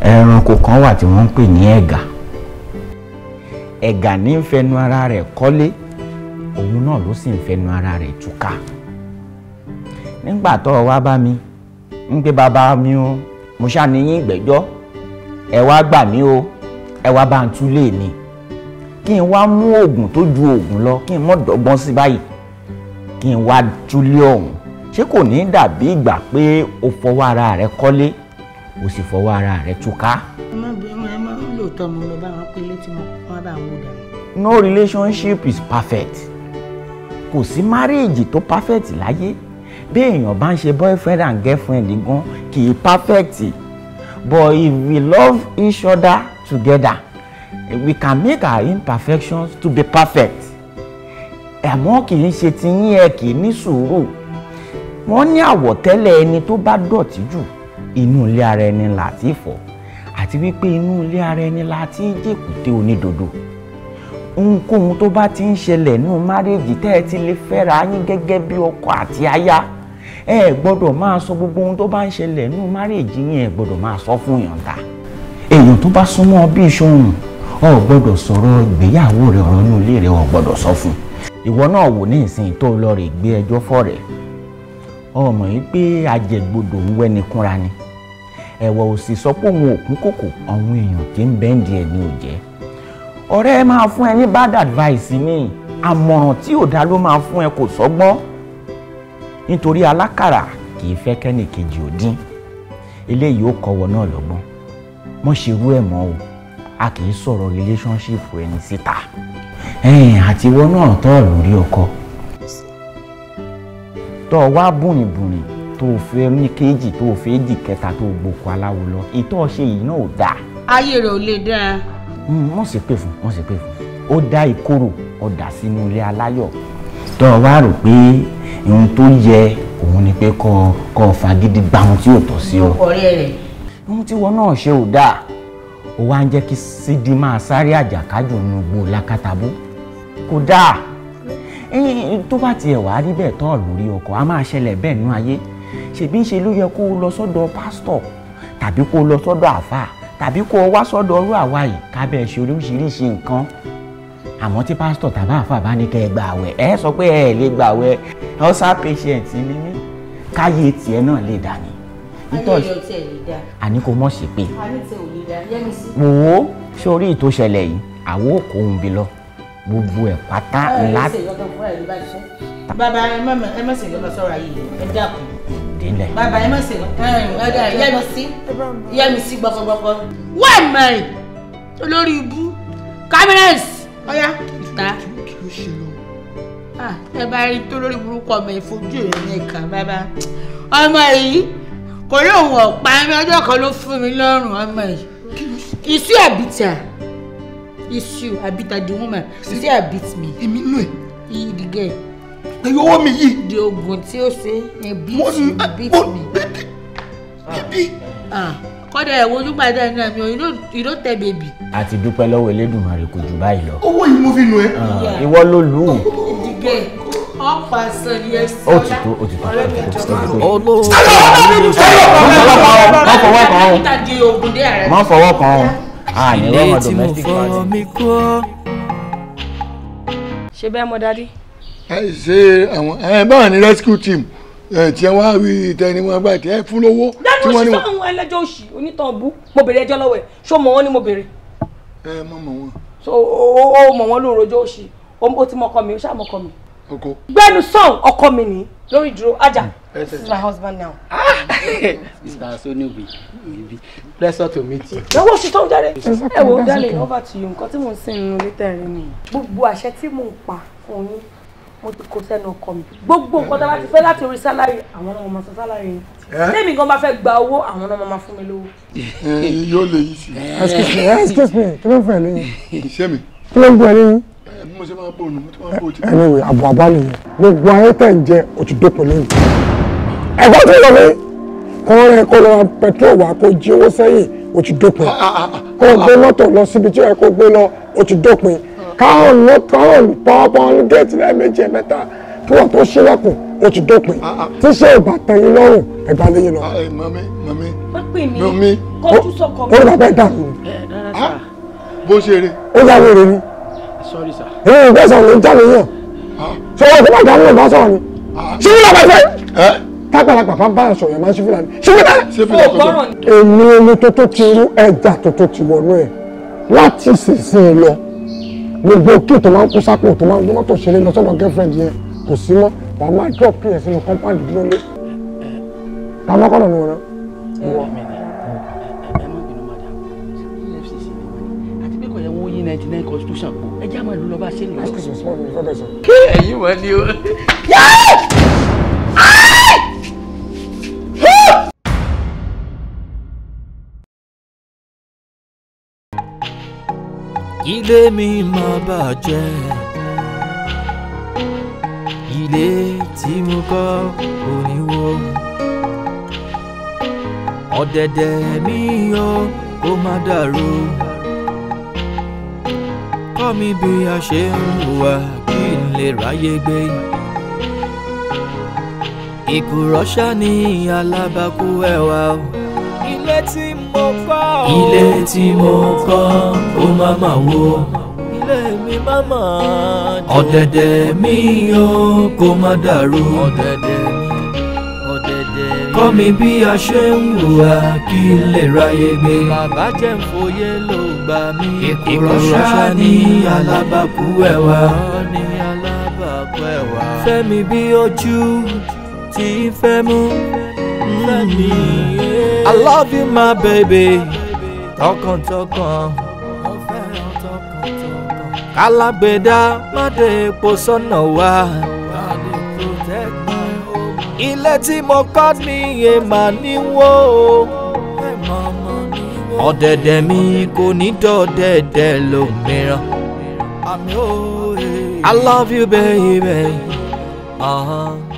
ẹranko kan wà tí wọ́n ń pè ní ẹ̀gà ẹ̀gà ní ń fẹnu ara rẹ̀ kọ́lé òun náà ló sì ń fẹnu ara rẹ̀ túká nígbà tó o wá bá mi ń pé bàbá mi o mo ṣàníyàn ìgbẹ́jọ́ ẹ wá gbà mí o ẹ wá bá ń túlé mi kí n wá mú oògùn tó ju oògùn lọ kí n mọ̀ dọ́gbọ́n sí báyìí kí n wá dúlé ọ̀hún ṣé kò ní dàbí ìgbà pé o fọwọ́ ara rẹ kọ́lé o sì fọwọ́ ara rẹ túká. ọmọbìnrin ẹ máa ń lò tọ́ mo lọ bá wọn pé létí mo wọn bá wọn dà. no relationship is perfect kò sí márèèjì tó perfect láyé bí èèyàn bá ń ṣe boyfriend and girlfriend gan kì í perfect but if we love each other together we can make our imperfections to be perfect ẹ̀mọ́ kì í ṣe ti yín ẹ kì í ní sùúrù wọ́n ní àwọ̀tẹ́lẹ̀ ẹni tó bá dọ̀tí jù inú ilé ara ẹni láti fọ̀ àti wípé inú ilé ara ẹni láti jèkúté onídodo ohunkóhun tó bá ti ń ṣẹlẹ̀ nínú márèèjì tẹ́ ẹ ti lè fẹ́ra yín gẹ́gẹ́ bí ọkọ àti aya ẹ gbọ́dọ̀ máa sọ gbogbo ohun tó bá ń ṣẹlẹ̀ nínú márèèjì yín ẹ gbọ́dọ̀ máa sọ fún ìyọ̀ǹda èèyàn tó bá súnmọ́ bí ìṣòhun o gbọ́dọ̀ sọ̀rọ̀ ìgbéyàwó rẹ̀ ọ̀rọ̀ inú ilé rẹ̀ o gbọ́dọ̀ sọ fún un ìwọ náà wò ní ìsìn tó lọ rè gbé ẹjọ́ fọ̀rẹ̀ ọmọ yìí pé ajẹgbodò ń wẹ́ni kúnra ni ẹ̀wọ̀ ò sì sọ pé òun ò kún kòkò àwọn èèyàn tí ń bẹ́ǹdì ẹ̀ ní òjẹ́ ọ̀rẹ́ ẹ máa fún ẹ ní bad advice ni àmọ̀ràn tí ò dá ló máa fún ẹ kò sọ́gbọ́n nítorí alákàrà kì í fẹ́ kẹ́nìkejì ò dín eléyìí ó kọ́wọ́ náà lọ́gbọ́n mọ́ ṣerú ẹ̀ mọ́ o a kì í sọ̀rọ̀ relationship ẹni síta àti ìwọ náà tọ́ lórí ọkọ tọ́ wá bùnìbùnì tó o fẹ́ ní kéjì tó o fẹ́ dì kẹta tó o gbòkó aláwo lọ ìtọ́ ṣe yìí náà ò dáa. ayé rẹ̀ ò lè dáa. Hmm, wọ́n sì pè fún wọ́n sì pè fún ó dá ìkorò ọ̀dà sínú ilé aláyọ̀ tọ́ ọ wá rò pé ohun tó yẹ òun ni pé kọ́ ọ fagídí gba tí ò tọ́ sí ọ. ọ̀rẹ́ rẹ̀. ohun tí wọn náà ṣe ò dáa ó wá ń jẹ́ kí Sídì máa sáré àjàkájù nùgbò lákàtàbó kódà tó bá tiẹ̀ wá rí bẹ́ẹ̀ tọ́ lórí ọkọ̀ a máa ṣẹlẹ̀ bẹ́ẹ̀ nú ayé ṣèbí ń ṣe ló yẹ kó o lọ sọ́dọ̀ pásítọ̀ tàbí kó o lọ sọ́dọ̀ àfà tàbí kó o wá sọ́dọ̀ ọrú àwa yìí kábẹ́ ṣe oríṣiríṣi nǹkan àmọ́ tí pásítọ̀ tàbí àfà bá ní kẹ́ ẹ gbà wẹ̀ ẹ sọ pé ẹ lè gbà wẹ̀ ulcer patient ni mí káyé tiẹ̀ náà lè dàní ìtọ́ àní kò mọ̀ sí pé wò ó sórí ìtòṣẹlẹ̀ yìí àwọn òkò ń bi lọ gbogbo ẹ̀ pátá ńlá. bàbá ẹ má ẹ má sì lọ́mọ sọ́ra yìí ẹ dákun. délẹ̀. bàbá ẹ má sì yá mi sí yá mi sí gbọkọgbọkọ. wẹ́ẹ̀ mẹ́rin olórí ibú kámẹ́rẹ́sì ọ̀yá ìta ẹ bá rí tó lórí burúkú ọmọ ìfojú rẹ̀ ní ìka bàbá ọmọ yìí kò lóun ọ̀pá ẹni ọjọ́ kan ló fún mi lọ́rùn ọmọ yìí iṣu àbíta iṣu àbíta the woman you iṣu àbít mi. èmi nù ẹ. iye the girl. pẹ̀lú owó mi yìí. di oògùn tí ó ṣe ẹ beat you beat me. bíbí. kọ́dà ẹ̀ wojú padà ní àmì òyìn ìró tẹ bèbí. a ti dúpẹ́ lọ́wọ́ Elédùmarè kò jù báyìí lọ. owó yìí mo fi nù ẹ. Ah, ìwọ ló lù ú. the girl ó ti tó ó ti tó ó ti tó ó ti tó. má fọwọ́ kàn ó má fọwọ́ kàn ó àní rọ́mọ domestic party. ṣe bẹ́ẹ̀ mọ dádì. ẹ ṣe àwọn ẹ báwọn ní rescue team tí wọ́n á rí tẹni wọn gbà tí ẹ fún lówó. dáná oṣù tó àwọn ẹlẹ́jọ́ òṣì onítàn bú mo bèrè ẹjọ́ lọ́wọ́ ẹ̀ ṣó mọ̀ wọ́n ni mo bèrè. ẹ mọ̀ mọ̀ wọn. so o mọ̀ wọ́n lóun rojọ́ òṣì o ti mọ̀kọ mi o ṣáà mọ̀kọ mi oko. gbẹnu sàn ọkọ mi ni lórí dúró ajá mm. this is my husband now. Ah. mr sonobi ibi pleasure to meet you. ìyàwó oṣù tó ń jáde ẹ wo dálé over to you nǹkan tí mò ń sìn nínú létà rẹ ni gbogbo àṣẹ tí mò ń pa fún yín mo ti kó sẹ́nu ọkọ mi gbogbo nǹkan tí a bá ti fẹ́ láti orí sálárì àwọn ọmọ ọmọ sọ sálárì yẹn eh? tẹ́mi gan bá fẹ́ gba owó àwọn ọmọ máa fún mi lówó. Eh, yóò lè yí sí. excuse me eh, excuse me kí ló ń fẹ́ lẹ́yìn. iṣẹ́ mi. kí ló ń bí mo ṣe máa bò nù mo ti máa bò tí. ẹnu ìwé àbọ̀ àbá nìyẹn gbogbo ayé tẹ̀ ń jẹ òtútù pẹ̀lú mi. ẹ̀gbọ́n tó lọ mí kọ́ rẹ̀ kó lọ pẹ̀trọ̀ wá kó jí owó sẹ́yìn òtútù pẹ̀. kó gbé ah. mọ́tò lọ síbi tí ó yẹ kó gbé lọ òtútù pẹ̀. káwọn ló káwọn pọ́npọ́n géètì lẹ́ẹ̀mejì ẹ̀mẹ́ta kí wọ́n tó ṣílẹ̀kùn òtútù pẹ̀. Ah, ah. tí ṣé ìbá tẹ̀yìn lọ́rùn ẹ̀gbá lẹ́yìn lọ. mọ̀mí mọ̀mí mọ̀mí kó tún sọkọ mi. ó lọ bẹ́ẹ̀ dà eh, bó ṣe rí. ó yà wèrè ni. sorry sir èmi ìgbẹ́ sọ̀rọ̀ ló ń jáde yàn ṣé wọn kò bá dáhùn ló bá sọ̀rọ̀ ni ṣé wọn bá fẹ́ tágbàlagbà bá bá sọ̀rọ̀ yẹn máa ń ṣe fúlàní ṣé wọn dáhùn. èmi omi tó tó ti rú no, tó tó ti wọnú ẹ láti sísìn lọ gbogbo kí tó máa ń kó sápò tó máa ń gbọ́n tó ṣeré lọ sọ́dọ̀ girlfriend yẹn kò sí mọ́ wàá máa drop ps nínú compound dúró lé. tàbí ọkọ̀ náà ni wọn náà. ninety constitution kù ẹ já máa lù lọ bá ṣe lọ. kí ẹ̀yin wọ́n ní o. ilé mi máa bàjẹ́ ilé tí mo kọ́ oníwó ọ̀dẹ̀dẹ̀ mi yọ kó má dàrú kọ́ mi bí a ṣe ń hùwà kí n lè ráyè gbé. ìkùrọ̀ṣà ni alábàákú ẹwà o. ilé tí mo kọ́ o. ilé tí mo kọ́ ó má mà wó. ilé mi má mà dé. ọ̀dẹ̀dẹ̀ mi yóò kó má dàrú. ọ̀dẹ̀dẹ̀ kọ́ mi bí a ṣe ń hùwà kí lè ráyè gbé. bàbá jẹ́ ń fòye ló gbà mí. ìkúrọ̀ṣà ní alábàákú ẹ̀wà. fẹ́mi bí ojú tí fẹ́ mú. fẹ́mi. I love you my baby tọkàntọkàn. kálágbèdá má dé epo sọ́nà wá ilé tí mo kọ́ ni èèmà ọ̀dẹ̀dẹ̀ mi kò ní dọ̀dẹ̀dẹ̀ lómìíràn. I love you baby. Uh-huh.